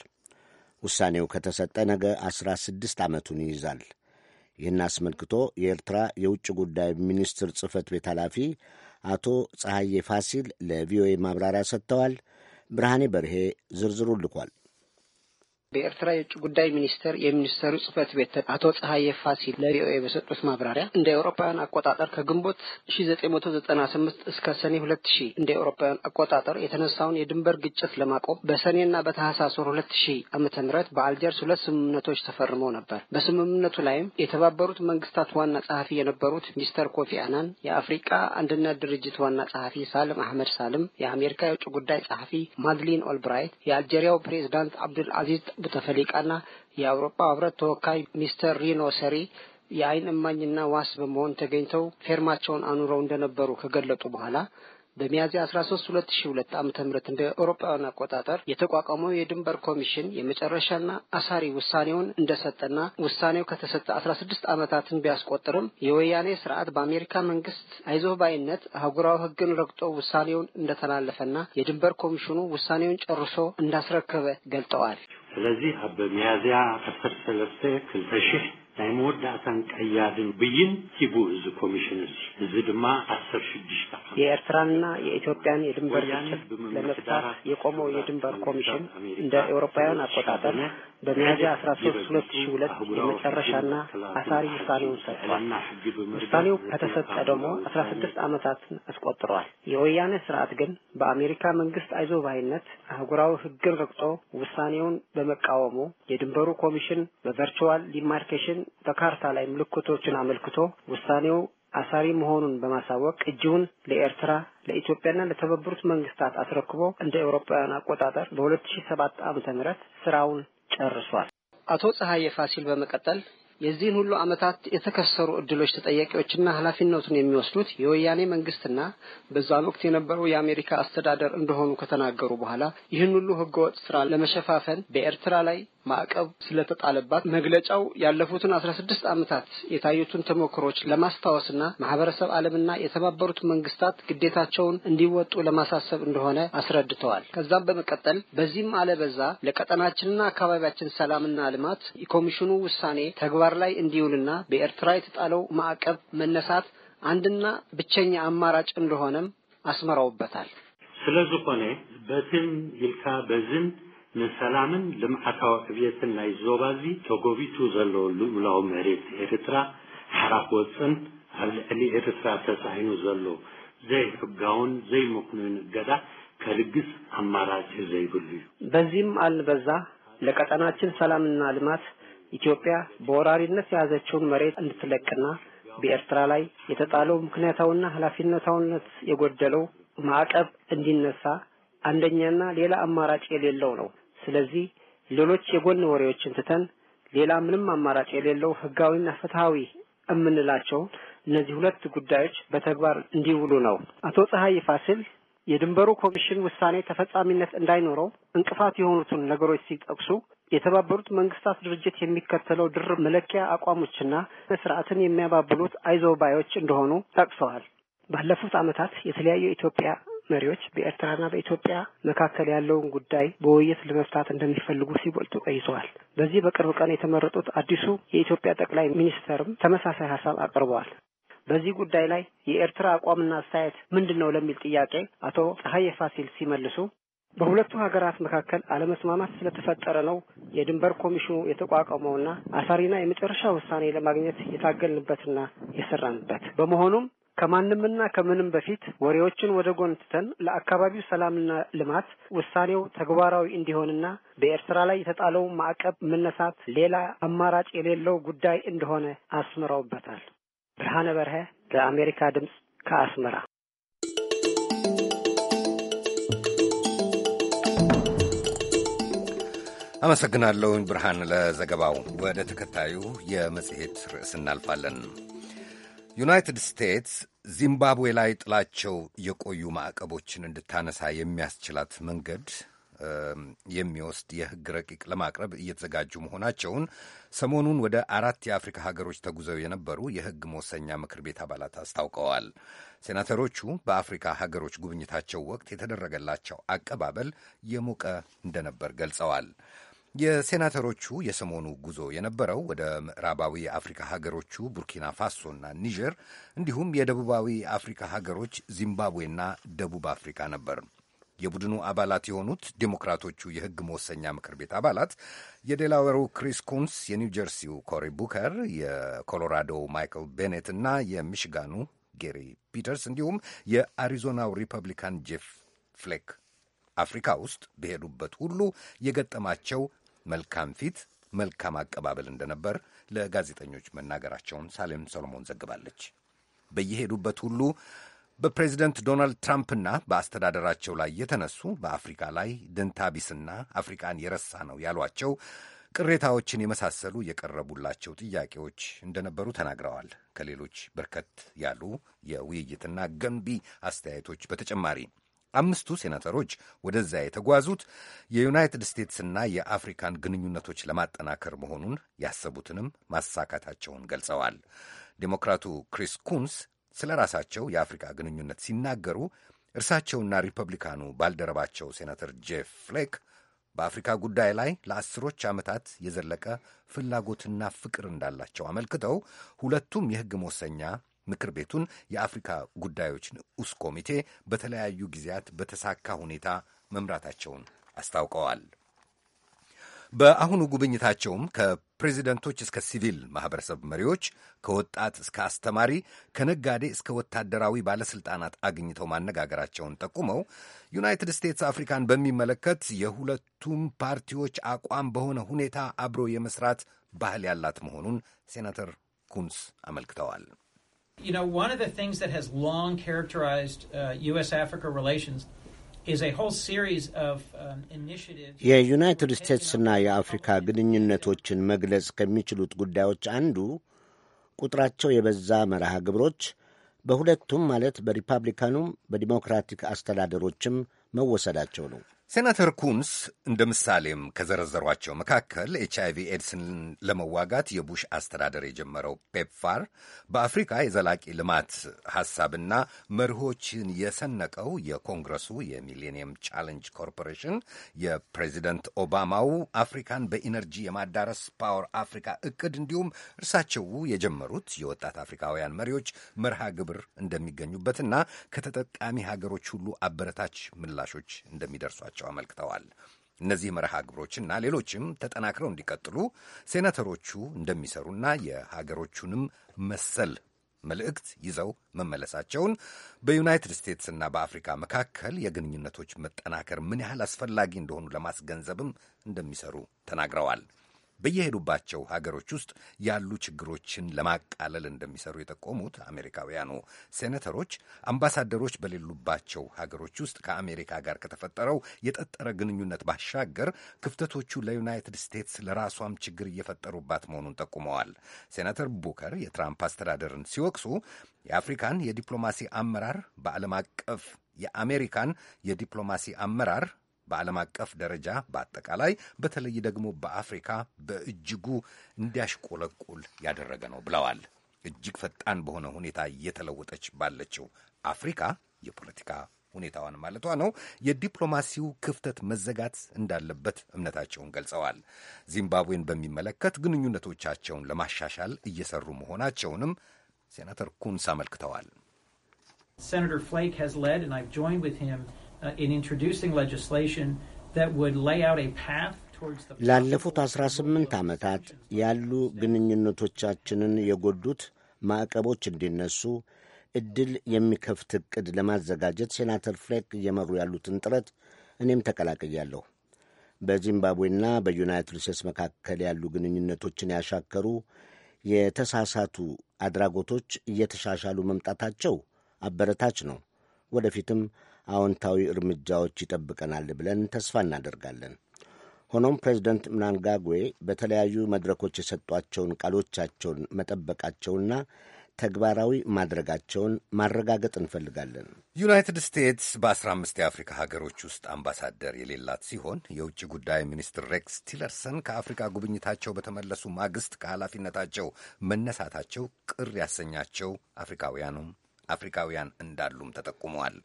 ውሳኔው ከተሰጠ ነገ 16 ዓመቱን ይይዛል። ይህን አስመልክቶ የኤርትራ የውጭ ጉዳይ ሚኒስትር ጽህፈት ቤት ኃላፊ አቶ ፀሐዬ ፋሲል ለቪኦኤ ማብራሪያ ሰጥተዋል። ብርሃኔ በርሄ ዝርዝሩ ልኳል። በኤርትራ የውጭ ጉዳይ ሚኒስቴር የሚኒስቴሩ ጽህፈት ቤት አቶ ፀሐየ ፋሲል ለቪኦኤ በሰጡት ማብራሪያ እንደ ኤውሮፓውያን አቆጣጠር ከግንቦት 1998 እስከ ሰኔ ሺ እንደ ኤውሮፓውያን አቆጣጠር የተነሳውን የድንበር ግጭት ለማቆም በሰኔና በታህሳስ ወር ሺ ዓመተ ምህረት በአልጀርስ ሁለት ስምምነቶች ተፈርመው ነበር። በስምምነቱ ላይም የተባበሩት መንግስታት ዋና ጸሐፊ የነበሩት ሚስተር ኮፊ አናን፣ የአፍሪቃ አንድነት ድርጅት ዋና ጸሐፊ ሳልም አህመድ ሳልም፣ የአሜሪካ የውጭ ጉዳይ ጸሐፊ ማድሊን ኦልብራይት፣ የአልጄሪያው ፕሬዚዳንት አብዱል አዚዝ ተፈሊቃና የአውሮፓ ህብረት ተወካይ ሚስተር ሪኖ ሰሪ የአይን እማኝና ዋስ በመሆን ተገኝተው ፌርማቸውን አኑረው እንደነበሩ ከገለጡ በኋላ በሚያዝያ 13 2002 ዓ.ም እንደ አውሮፓውያን አቆጣጠር የተቋቋመው የድንበር ኮሚሽን የመጨረሻና አሳሪ ውሳኔውን እንደሰጠና ውሳኔው ከተሰጠ 16 ዓመታትን ቢያስቆጥርም የወያኔ ስርዓት በአሜሪካ መንግስት አይዞባይነት አህጉራዊ ህግን ረግጦ ውሳኔውን እንደተላለፈና የድንበር ኮሚሽኑ ውሳኔውን ጨርሶ እንዳስረከበ ገልጠዋል። ስለዚህ ኣብ ሚያዝያ 13 200 ናይ መወዳእታን ቀያድን ብይን ሂቡ እዚ ኮሚሽን እዚ እዚ ድማ ዓሰር ሽዱሽተ የኤርትራንና የኢትዮጵያን የድንበር ግጭት ለመፍታት የቆመው የድንበር ኮሚሽን እንደ ኤውሮፓውያን አቆጣጠር በሚያዝያ አስራ ሶስት ሁለት ሺ ሁለት የመጨረሻና አሳሪ ውሳኔውን ሰጥቷል። ውሳኔው ከተሰጠ ደግሞ አስራ ስድስት ዓመታትን አስቆጥሯል። የወያነ ስርዓት ግን በአሜሪካ መንግስት አይዞ ባይነት አህጉራዊ ህግን ረግጦ ውሳኔውን በመቃወሙ የድንበሩ ኮሚሽን በቨርቹዋል ዲማርኬሽን በካርታ ላይ ምልክቶችን አመልክቶ ውሳኔው አሳሪ መሆኑን በማሳወቅ እጅውን ለኤርትራ ለኢትዮጵያና ለተባበሩት መንግስታት አስረክቦ እንደ ኤውሮፓውያን አቆጣጠር በ ሰባት ዓመተ ምህረት ስራውን ጨርሷል። አቶ ፀሐየ ፋሲል በመቀጠል የዚህን ሁሉ ዓመታት የተከሰሩ እድሎች ተጠያቂዎችና ኃላፊነቱን የሚወስዱት የወያኔ መንግስትና በዛን ወቅት የነበረው የአሜሪካ አስተዳደር እንደሆኑ ከተናገሩ በኋላ ይህን ሁሉ ህገወጥ ስራ ለመሸፋፈን በኤርትራ ላይ ማዕቀብ ስለተጣለባት መግለጫው ያለፉትን አስራ ስድስት ዓመታት የታዩትን ተሞክሮች ለማስታወስና ማህበረሰብ ዓለምና የተባበሩት መንግስታት ግዴታቸውን እንዲወጡ ለማሳሰብ እንደሆነ አስረድተዋል። ከዛም በመቀጠል በዚህም አለበዛ ለቀጠናችንና አካባቢያችን ሰላምና ልማት የኮሚሽኑ ውሳኔ ተግባር ላይ እንዲውልና በኤርትራ የተጣለው ማዕቀብ መነሳት አንድና ብቸኛ አማራጭ እንደሆነም አስመራውበታል። ስለዝኾነ በትን ይልካ በዝን ንሰላምን ልምዓታዊ ዕብየትን ናይ ዞባ እዚ ተጎቢቱ ዘሎ ልኡላዊ መሬት ኤርትራ ሓራፍ ወፅን ኣብ ልዕሊ ኤርትራ ተሳሂኑ ዘሎ ዘይሕጋውን ዘይምኽኑን እገዳ ከልግስ አማራጭ ዘይብሉ እዩ በዚህም አልበዛ ለቀጠናችን ሰላምና ልማት ኢትዮጵያ በወራሪነት የያዘችውን መሬት እንድትለቅና በኤርትራ ላይ የተጣለው ምክንያታውና ኃላፊነታዊነት የጎደለው ማዕቀብ እንዲነሳ አንደኛና ሌላ አማራጭ የሌለው ነው። ስለዚህ ሌሎች የጎን ወሬዎችን ትተን ሌላ ምንም አማራጭ የሌለው ህጋዊና ፍትሃዊ የምንላቸው እነዚህ ሁለት ጉዳዮች በተግባር እንዲውሉ ነው። አቶ ፀሐይ ፋሲል የድንበሩ ኮሚሽን ውሳኔ ተፈጻሚነት እንዳይኖረው እንቅፋት የሆኑትን ነገሮች ሲጠቅሱ የተባበሩት መንግስታት ድርጅት የሚከተለው ድር መለኪያ አቋሞችና ስርዓትን የሚያባብሉት አይዞባዮች እንደሆኑ ጠቅሰዋል። ባለፉት ዓመታት የተለያዩ ኢትዮጵያ መሪዎች በኤርትራና በኢትዮጵያ መካከል ያለውን ጉዳይ በውይይት ለመፍታት እንደሚፈልጉ ሲገልጹ ቆይተዋል። በዚህ በቅርብ ቀን የተመረጡት አዲሱ የኢትዮጵያ ጠቅላይ ሚኒስትርም ተመሳሳይ ሀሳብ አቅርበዋል። በዚህ ጉዳይ ላይ የኤርትራ አቋምና አስተያየት ምንድን ነው ለሚል ጥያቄ አቶ ፀሐዬ ፋሲል ሲመልሱ በሁለቱ ሀገራት መካከል አለመስማማት ስለተፈጠረ ነው የድንበር ኮሚሽኑ የተቋቋመውና አሳሪና የመጨረሻ ውሳኔ ለማግኘት የታገልንበትና የሰራንበት። በመሆኑም ከማንምና ከምንም በፊት ወሬዎችን ወደ ጎን ትተን ለአካባቢው ሰላምና ልማት ውሳኔው ተግባራዊ እንዲሆንና በኤርትራ ላይ የተጣለው ማዕቀብ መነሳት ሌላ አማራጭ የሌለው ጉዳይ እንደሆነ አስምረውበታል። ብርሃነ በርሀ ለአሜሪካ ድምፅ ከአስመራ አመሰግናለሁኝ ብርሃን ለዘገባው። ወደ ተከታዩ የመጽሔት ርዕስ እናልፋለን። ዩናይትድ ስቴትስ ዚምባብዌ ላይ ጥላቸው የቆዩ ማዕቀቦችን እንድታነሳ የሚያስችላት መንገድ የሚወስድ የሕግ ረቂቅ ለማቅረብ እየተዘጋጁ መሆናቸውን ሰሞኑን ወደ አራት የአፍሪካ ሀገሮች ተጉዘው የነበሩ የሕግ መወሰኛ ምክር ቤት አባላት አስታውቀዋል። ሴናተሮቹ በአፍሪካ ሀገሮች ጉብኝታቸው ወቅት የተደረገላቸው አቀባበል የሞቀ እንደነበር ገልጸዋል። የሴናተሮቹ የሰሞኑ ጉዞ የነበረው ወደ ምዕራባዊ አፍሪካ ሀገሮቹ ቡርኪና ፋሶና ኒጀር እንዲሁም የደቡባዊ አፍሪካ ሀገሮች ዚምባብዌና ደቡብ አፍሪካ ነበር። የቡድኑ አባላት የሆኑት ዴሞክራቶቹ የሕግ መወሰኛ ምክር ቤት አባላት የዴላዌሩ ክሪስ ኩንስ፣ የኒው ጀርሲው ኮሪ ቡከር፣ የኮሎራዶው ማይክል ቤኔት እና የሚሽጋኑ ጌሪ ፒተርስ እንዲሁም የአሪዞናው ሪፐብሊካን ጄፍ ፍሌክ አፍሪካ ውስጥ በሄዱበት ሁሉ የገጠማቸው መልካም ፊት፣ መልካም አቀባበል እንደነበር ለጋዜጠኞች መናገራቸውን ሳሌም ሰሎሞን ዘግባለች። በየሄዱበት ሁሉ በፕሬዚደንት ዶናልድ ትራምፕና በአስተዳደራቸው ላይ የተነሱ በአፍሪካ ላይ ድንታቢስና አፍሪካን የረሳ ነው ያሏቸው ቅሬታዎችን የመሳሰሉ የቀረቡላቸው ጥያቄዎች እንደነበሩ ተናግረዋል። ከሌሎች በርከት ያሉ የውይይትና ገንቢ አስተያየቶች በተጨማሪ አምስቱ ሴናተሮች ወደዚያ የተጓዙት የዩናይትድ ስቴትስና የአፍሪካን ግንኙነቶች ለማጠናከር መሆኑን ያሰቡትንም ማሳካታቸውን ገልጸዋል። ዴሞክራቱ ክሪስ ኩንስ ስለ ራሳቸው የአፍሪካ ግንኙነት ሲናገሩ እርሳቸውና ሪፐብሊካኑ ባልደረባቸው ሴናተር ጄፍ ፍሌክ በአፍሪካ ጉዳይ ላይ ለአስሮች ዓመታት የዘለቀ ፍላጎትና ፍቅር እንዳላቸው አመልክተው ሁለቱም የሕግ መወሰኛ ምክር ቤቱን የአፍሪካ ጉዳዮች ንዑስ ኮሚቴ በተለያዩ ጊዜያት በተሳካ ሁኔታ መምራታቸውን አስታውቀዋል። በአሁኑ ጉብኝታቸውም ከፕሬዚደንቶች እስከ ሲቪል ማኅበረሰብ መሪዎች፣ ከወጣት እስከ አስተማሪ፣ ከነጋዴ እስከ ወታደራዊ ባለሥልጣናት አግኝተው ማነጋገራቸውን ጠቁመው ዩናይትድ ስቴትስ አፍሪካን በሚመለከት የሁለቱም ፓርቲዎች አቋም በሆነ ሁኔታ አብሮ የመስራት ባህል ያላት መሆኑን ሴናተር ኩንስ አመልክተዋል። You know, one of the things that has long characterized uh, U.S. Africa relations um, የዩናይትድ ስቴትስና የአፍሪካ ግንኙነቶችን መግለጽ ከሚችሉት ጉዳዮች አንዱ ቁጥራቸው የበዛ መርሃ ግብሮች በሁለቱም ማለት በሪፐብሊካኑም በዲሞክራቲክ አስተዳደሮችም መወሰዳቸው ነው። ሴናተር ኩንስ እንደ ምሳሌም ከዘረዘሯቸው መካከል ኤች አይቪ ኤድስን ለመዋጋት የቡሽ አስተዳደር የጀመረው ፔፕፋር በአፍሪካ የዘላቂ ልማት ሐሳብና መርሆችን የሰነቀው የኮንግረሱ የሚሌኒየም ቻለንጅ ኮርፖሬሽን የፕሬዚደንት ኦባማው አፍሪካን በኢነርጂ የማዳረስ ፓወር አፍሪካ እቅድ እንዲሁም እርሳቸው የጀመሩት የወጣት አፍሪካውያን መሪዎች መርሃ ግብር እንደሚገኙበትና ከተጠቃሚ ሀገሮች ሁሉ አበረታች ምላሾች እንደሚደርሷቸው መሆናቸው አመልክተዋል። እነዚህ መርሃ ግብሮችና ሌሎችም ተጠናክረው እንዲቀጥሉ ሴናተሮቹ እንደሚሰሩና የሀገሮቹንም መሰል መልእክት ይዘው መመለሳቸውን በዩናይትድ እና በአፍሪካ መካከል የግንኙነቶች መጠናከር ምን ያህል አስፈላጊ እንደሆኑ ለማስገንዘብም እንደሚሰሩ ተናግረዋል። በየሄዱባቸው ሀገሮች ውስጥ ያሉ ችግሮችን ለማቃለል እንደሚሰሩ የጠቆሙት አሜሪካውያኑ ሴኔተሮች አምባሳደሮች በሌሉባቸው ሀገሮች ውስጥ ከአሜሪካ ጋር ከተፈጠረው የጠጠረ ግንኙነት ባሻገር ክፍተቶቹ ለዩናይትድ ስቴትስ ለራሷም ችግር እየፈጠሩባት መሆኑን ጠቁመዋል። ሴኔተር ቡከር የትራምፕ አስተዳደርን ሲወቅሱ የአፍሪካን የዲፕሎማሲ አመራር በዓለም አቀፍ የአሜሪካን የዲፕሎማሲ አመራር በዓለም አቀፍ ደረጃ በአጠቃላይ በተለይ ደግሞ በአፍሪካ በእጅጉ እንዲያሽቆለቁል ያደረገ ነው ብለዋል። እጅግ ፈጣን በሆነ ሁኔታ እየተለወጠች ባለችው አፍሪካ የፖለቲካ ሁኔታዋን ማለቷ ነው። የዲፕሎማሲው ክፍተት መዘጋት እንዳለበት እምነታቸውን ገልጸዋል። ዚምባብዌን በሚመለከት ግንኙነቶቻቸውን ለማሻሻል እየሰሩ መሆናቸውንም ሴናተር ኩንስ አመልክተዋል። Uh, in introducing legislation that would lay out a path ላለፉት 18 ዓመታት ያሉ ግንኙነቶቻችንን የጎዱት ማዕቀቦች እንዲነሱ እድል የሚከፍት እቅድ ለማዘጋጀት ሴናተር ፍሌክ እየመሩ ያሉትን ጥረት እኔም ተቀላቅያለሁ። በዚምባብዌና በዩናይትድ ስቴትስ መካከል ያሉ ግንኙነቶችን ያሻከሩ የተሳሳቱ አድራጎቶች እየተሻሻሉ መምጣታቸው አበረታች ነው። ወደፊትም አዎንታዊ እርምጃዎች ይጠብቀናል ብለን ተስፋ እናደርጋለን። ሆኖም ፕሬዚደንት ምናንጋግዌ በተለያዩ መድረኮች የሰጧቸውን ቃሎቻቸውን መጠበቃቸውና ተግባራዊ ማድረጋቸውን ማረጋገጥ እንፈልጋለን። ዩናይትድ ስቴትስ በ15 የአፍሪካ ሀገሮች ውስጥ አምባሳደር የሌላት ሲሆን የውጭ ጉዳይ ሚኒስትር ሬክስ ቲለርሰን ከአፍሪካ ጉብኝታቸው በተመለሱ ማግስት ከኃላፊነታቸው መነሳታቸው ቅር ያሰኛቸው አፍሪካውያኑም አፍሪካውያን እንዳሉም ተጠቁመዋል።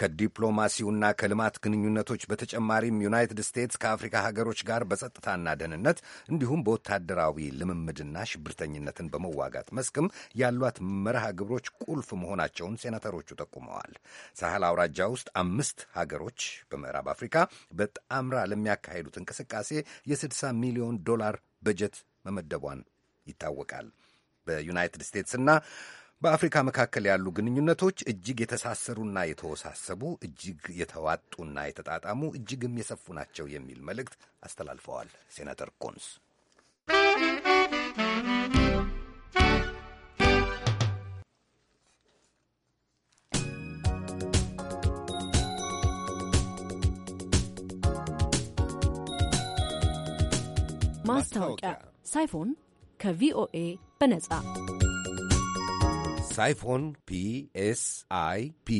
ከዲፕሎማሲውና ከልማት ግንኙነቶች በተጨማሪም ዩናይትድ ስቴትስ ከአፍሪካ ሀገሮች ጋር በጸጥታና ደህንነት እንዲሁም በወታደራዊ ልምምድና ሽብርተኝነትን በመዋጋት መስክም ያሏት መርሃ ግብሮች ቁልፍ መሆናቸውን ሴናተሮቹ ጠቁመዋል። ሳህል አውራጃ ውስጥ አምስት ሀገሮች በምዕራብ አፍሪካ በጣምራ ለሚያካሄዱት እንቅስቃሴ የ60 ሚሊዮን ዶላር በጀት መመደቧን ይታወቃል። በዩናይትድ ስቴትስና በአፍሪካ መካከል ያሉ ግንኙነቶች እጅግ የተሳሰሩና የተወሳሰቡ እጅግ የተዋጡና የተጣጣሙ እጅግም የሰፉ ናቸው የሚል መልእክት አስተላልፈዋል ሴናተር ኮንስ። ማስታወቂያ ሳይፎን ከቪኦኤ በነጻ ሳይፎን ፒ ኤስ አይ ፒ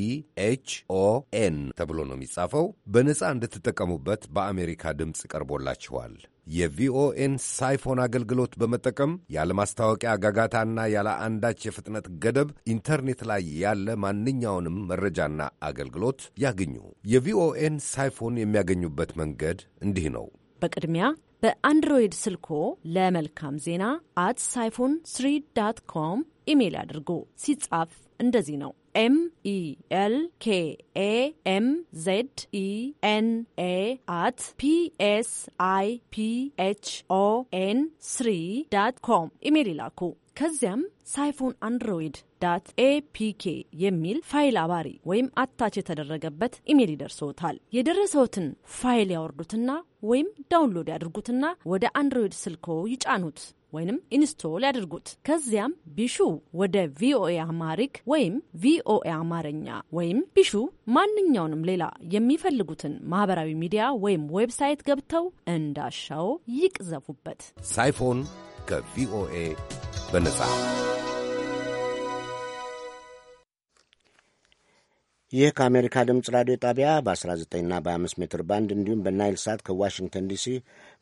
ኤች ኦ ኤን ተብሎ ነው የሚጻፈው። በነጻ እንድትጠቀሙበት በአሜሪካ ድምፅ ቀርቦላችኋል። የቪኦኤን ሳይፎን አገልግሎት በመጠቀም ያለ ማስታወቂያ አጋጋታና ያለ አንዳች የፍጥነት ገደብ ኢንተርኔት ላይ ያለ ማንኛውንም መረጃና አገልግሎት ያግኙ። የቪኦኤን ሳይፎን የሚያገኙበት መንገድ እንዲህ ነው። በቅድሚያ በአንድሮይድ ስልኮ ለመልካም ዜና አት ሳይፎን ስሪ ዳት ኮም ኢሜይል ያድርጉ ሲጻፍ እንደዚህ ነው። ኤም ኢ ኬ ኤ ኤም ዜድ ኢ ኤን ኤ አት ፒ ኤስ አይ ፒ ኤች ኦ ኤን ስሪ ዳት ኮም ኢሜይል ይላኩ። ከዚያም ሳይፎን አንድሮይድ ዳት ኤፒኬ የሚል ፋይል አባሪ ወይም አታች የተደረገበት ኢሜይል ይደርሶታል። የደረሰውትን ፋይል ያወርዱትና ወይም ዳውንሎድ ያድርጉትና ወደ አንድሮይድ ስልኮ ይጫኑት። ወይም ኢንስቶል ያድርጉት። ከዚያም ቢሹ ወደ ቪኦኤ አማሪክ ወይም ቪኦኤ አማርኛ ወይም ቢሹ ማንኛውንም ሌላ የሚፈልጉትን ማህበራዊ ሚዲያ ወይም ዌብሳይት ገብተው እንዳሻው ይቅዘፉበት። ሳይፎን ከቪኦኤ በነጻ ይህ ከአሜሪካ ድምፅ ራዲዮ ጣቢያ በ19ና በ5 ሜትር ባንድ እንዲሁም በናይል ሳት ከዋሽንግተን ዲሲ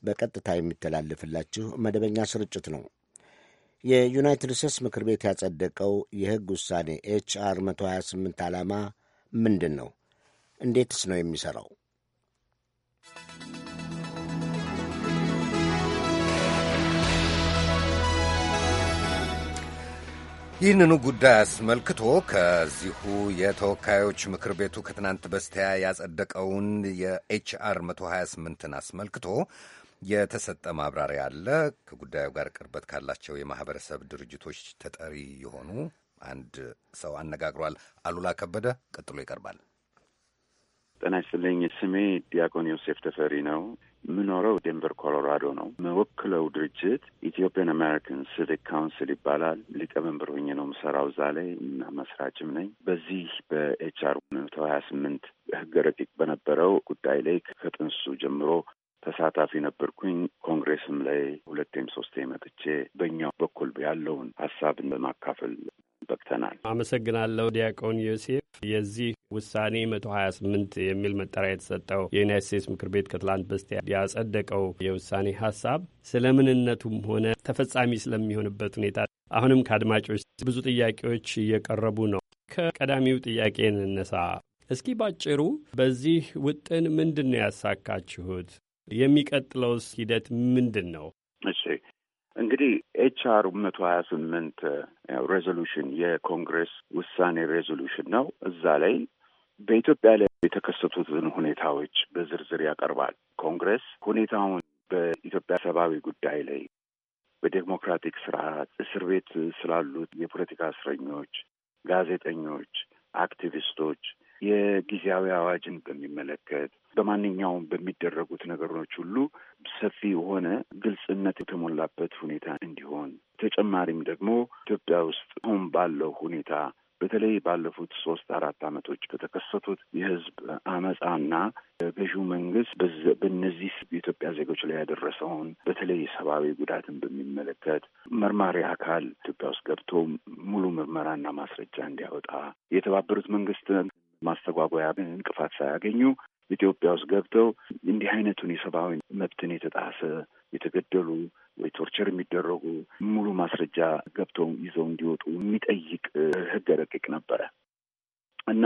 በቀጥታ የሚተላለፍላችሁ መደበኛ ስርጭት ነው። የዩናይትድ ስቴትስ ምክር ቤት ያጸደቀው የሕግ ውሳኔ ኤችአር 128 ዓላማ ምንድን ነው? እንዴትስ ነው የሚሠራው? ይህንኑ ጉዳይ አስመልክቶ ከዚሁ የተወካዮች ምክር ቤቱ ከትናንት በስቲያ ያጸደቀውን የኤችአር 128ን አስመልክቶ የተሰጠ ማብራሪያ አለ። ከጉዳዩ ጋር ቅርበት ካላቸው የማህበረሰብ ድርጅቶች ተጠሪ የሆኑ አንድ ሰው አነጋግሯል። አሉላ ከበደ ቀጥሎ ይቀርባል። ጤና ይስጥልኝ። ስሜ ዲያቆን ዮሴፍ ተፈሪ ነው። የምኖረው ዴንቨር ኮሎራዶ ነው። መወክለው ድርጅት ኢትዮጵያን አሜሪካን ሲቪክ ካውንስል ይባላል። ሊቀመንበር ሆኜ ነው የምሰራው እዛ ላይ እና መስራችም ነኝ። በዚህ በኤችአር መቶ ሀያ ስምንት ህገ ረቂቅ በነበረው ጉዳይ ላይ ከጥንሱ ጀምሮ ተሳታፊ ነበርኩኝ። ኮንግሬስም ላይ ሁለቴም ሶስቴ መጥቼ በእኛው በኩል ያለውን ሀሳብን በማካፈል በቅተናል። አመሰግናለሁ ዲያቆን ዮሴፍ። የዚህ ውሳኔ መቶ ሀያ ስምንት የሚል መጠሪያ የተሰጠው የዩናይት ስቴትስ ምክር ቤት ከትላንት በስቲያ ያጸደቀው የውሳኔ ሀሳብ ስለምንነቱም ሆነ ተፈጻሚ ስለሚሆንበት ሁኔታ አሁንም ከአድማጮች ብዙ ጥያቄዎች እየቀረቡ ነው። ከቀዳሚው ጥያቄ እንነሳ። እስኪ ባጭሩ በዚህ ውጥን ምንድን ነው ያሳካችሁት? የሚቀጥለውስ ሂደት ምንድን ነው? እሺ እንግዲህ ኤች አር መቶ ሀያ ስምንት ሬዞሉሽን የኮንግሬስ ውሳኔ ሬዞሉሽን ነው። እዛ ላይ በኢትዮጵያ ላይ የተከሰቱትን ሁኔታዎች በዝርዝር ያቀርባል። ኮንግሬስ ሁኔታውን በኢትዮጵያ ሰብአዊ ጉዳይ ላይ በዴሞክራቲክ ስርዓት እስር ቤት ስላሉት የፖለቲካ እስረኞች፣ ጋዜጠኞች፣ አክቲቪስቶች የጊዜያዊ አዋጅን በሚመለከት በማንኛውም በሚደረጉት ነገሮች ሁሉ ሰፊ የሆነ ግልጽነት የተሞላበት ሁኔታ እንዲሆን ተጨማሪም ደግሞ ኢትዮጵያ ውስጥ አሁን ባለው ሁኔታ በተለይ ባለፉት ሶስት አራት ዓመቶች በተከሰቱት የህዝብ አመፃና ገዢው መንግስት በእነዚህ የኢትዮጵያ ዜጎች ላይ ያደረሰውን በተለይ ሰብአዊ ጉዳትን በሚመለከት መርማሪ አካል ኢትዮጵያ ውስጥ ገብቶ ሙሉ ምርመራና ማስረጃ እንዲያወጣ የተባበሩት መንግስት ማስተጓጎያ እንቅፋት ሳያገኙ ኢትዮጵያ ውስጥ ገብተው እንዲህ አይነቱን የሰብአዊ መብትን የተጣሰ የተገደሉ ወይ ቶርቸር የሚደረጉ ሙሉ ማስረጃ ገብተው ይዘው እንዲወጡ የሚጠይቅ ህገ ረቂቅ ነበረ እና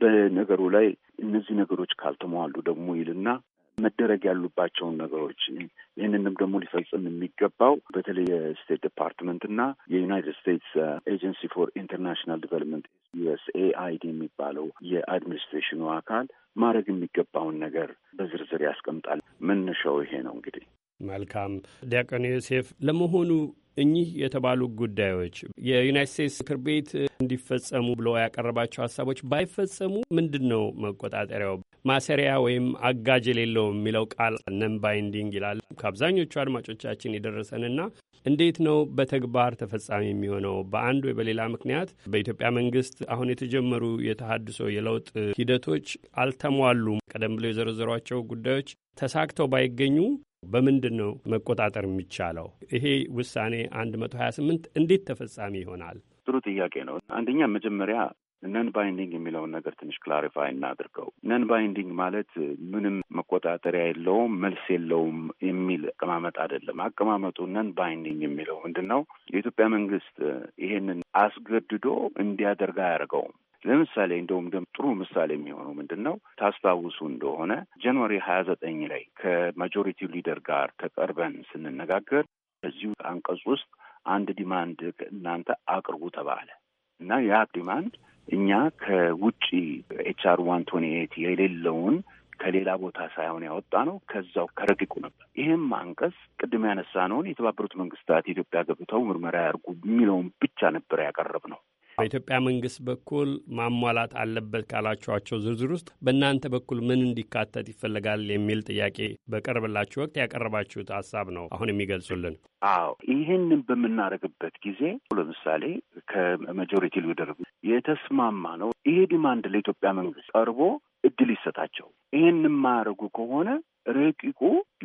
በነገሩ ላይ እነዚህ ነገሮች ካልተሟሉ ደግሞ ይልና መደረግ ያሉባቸውን ነገሮች ይህንንም ደግሞ ሊፈጽም የሚገባው በተለይ የስቴት ዲፓርትመንት እና የዩናይትድ ስቴትስ ኤጀንሲ ፎር ኢንተርናሽናል ዲቨሎፕመንት ዩኤስኤአይዲ የሚባለው የአድሚኒስትሬሽኑ አካል ማድረግ የሚገባውን ነገር በዝርዝር ያስቀምጣል። መነሻው ይሄ ነው። እንግዲህ መልካም ዲያቆን ዮሴፍ ለመሆኑ እኚህ የተባሉ ጉዳዮች የዩናይት ስቴትስ ምክር ቤት እንዲፈጸሙ ብሎ ያቀረባቸው ሀሳቦች ባይፈጸሙ ምንድን ነው መቆጣጠሪያው? ማሰሪያ ወይም አጋዥ የሌለው የሚለው ቃል ነን ባይንዲንግ ይላል። ከአብዛኞቹ አድማጮቻችን የደረሰንና እንዴት ነው በተግባር ተፈጻሚ የሚሆነው? በአንድ ወይ በሌላ ምክንያት በኢትዮጵያ መንግስት አሁን የተጀመሩ የተሃድሶ የለውጥ ሂደቶች አልተሟሉም። ቀደም ብሎ የዘረዘሯቸው ጉዳዮች ተሳክተው ባይገኙ በምንድን ነው መቆጣጠር የሚቻለው? ይሄ ውሳኔ 128 እንዴት ተፈጻሚ ይሆናል? ጥሩ ጥያቄ ነው። አንደኛ መጀመሪያ ነን ባይንዲንግ የሚለውን ነገር ትንሽ ክላሪፋይ እናድርገው። ነን ባይንዲንግ ማለት ምንም መቆጣጠሪያ የለውም፣ መልስ የለውም የሚል አቀማመጥ አይደለም። አቀማመጡ ነን ባይንዲንግ የሚለው ምንድን ነው? የኢትዮጵያ መንግስት ይሄንን አስገድዶ እንዲያደርግ አያደርገውም። ለምሳሌ እንደውም ደም ጥሩ ምሳሌ የሚሆነው ምንድን ነው? ታስታውሱ እንደሆነ ጃንዋሪ ሀያ ዘጠኝ ላይ ከማጆሪቲው ሊደር ጋር ተቀርበን ስንነጋገር በዚሁ አንቀጽ ውስጥ አንድ ዲማንድ እናንተ አቅርቡ ተባለ እና ያ ዲማንድ እኛ ከውጪ ኤችአር ዋን ቶኒ ኤት የሌለውን ከሌላ ቦታ ሳይሆን ያወጣ ነው ከዛው ከረቂቁ ነበር። ይህም አንቀጽ ቅድም ያነሳ ነውን የተባበሩት መንግስታት ኢትዮጵያ ገብተው ምርመራ ያርጉ የሚለውን ብቻ ነበር ያቀረብ ነው። በኢትዮጵያ መንግስት በኩል ማሟላት አለበት ካላችኋቸው ዝርዝር ውስጥ በእናንተ በኩል ምን እንዲካተት ይፈለጋል የሚል ጥያቄ በቀርብላችሁ ወቅት ያቀረባችሁት ሀሳብ ነው አሁን የሚገልጹልን? አዎ ይህንን በምናደርግበት ጊዜ ለምሳሌ ከመጆሪቲ ሊደር የተስማማ ነው ይሄ ዲማንድ ለኢትዮጵያ መንግስት ቀርቦ እድል ይሰጣቸው። ይህን የማያደርጉ ከሆነ ረቂቁ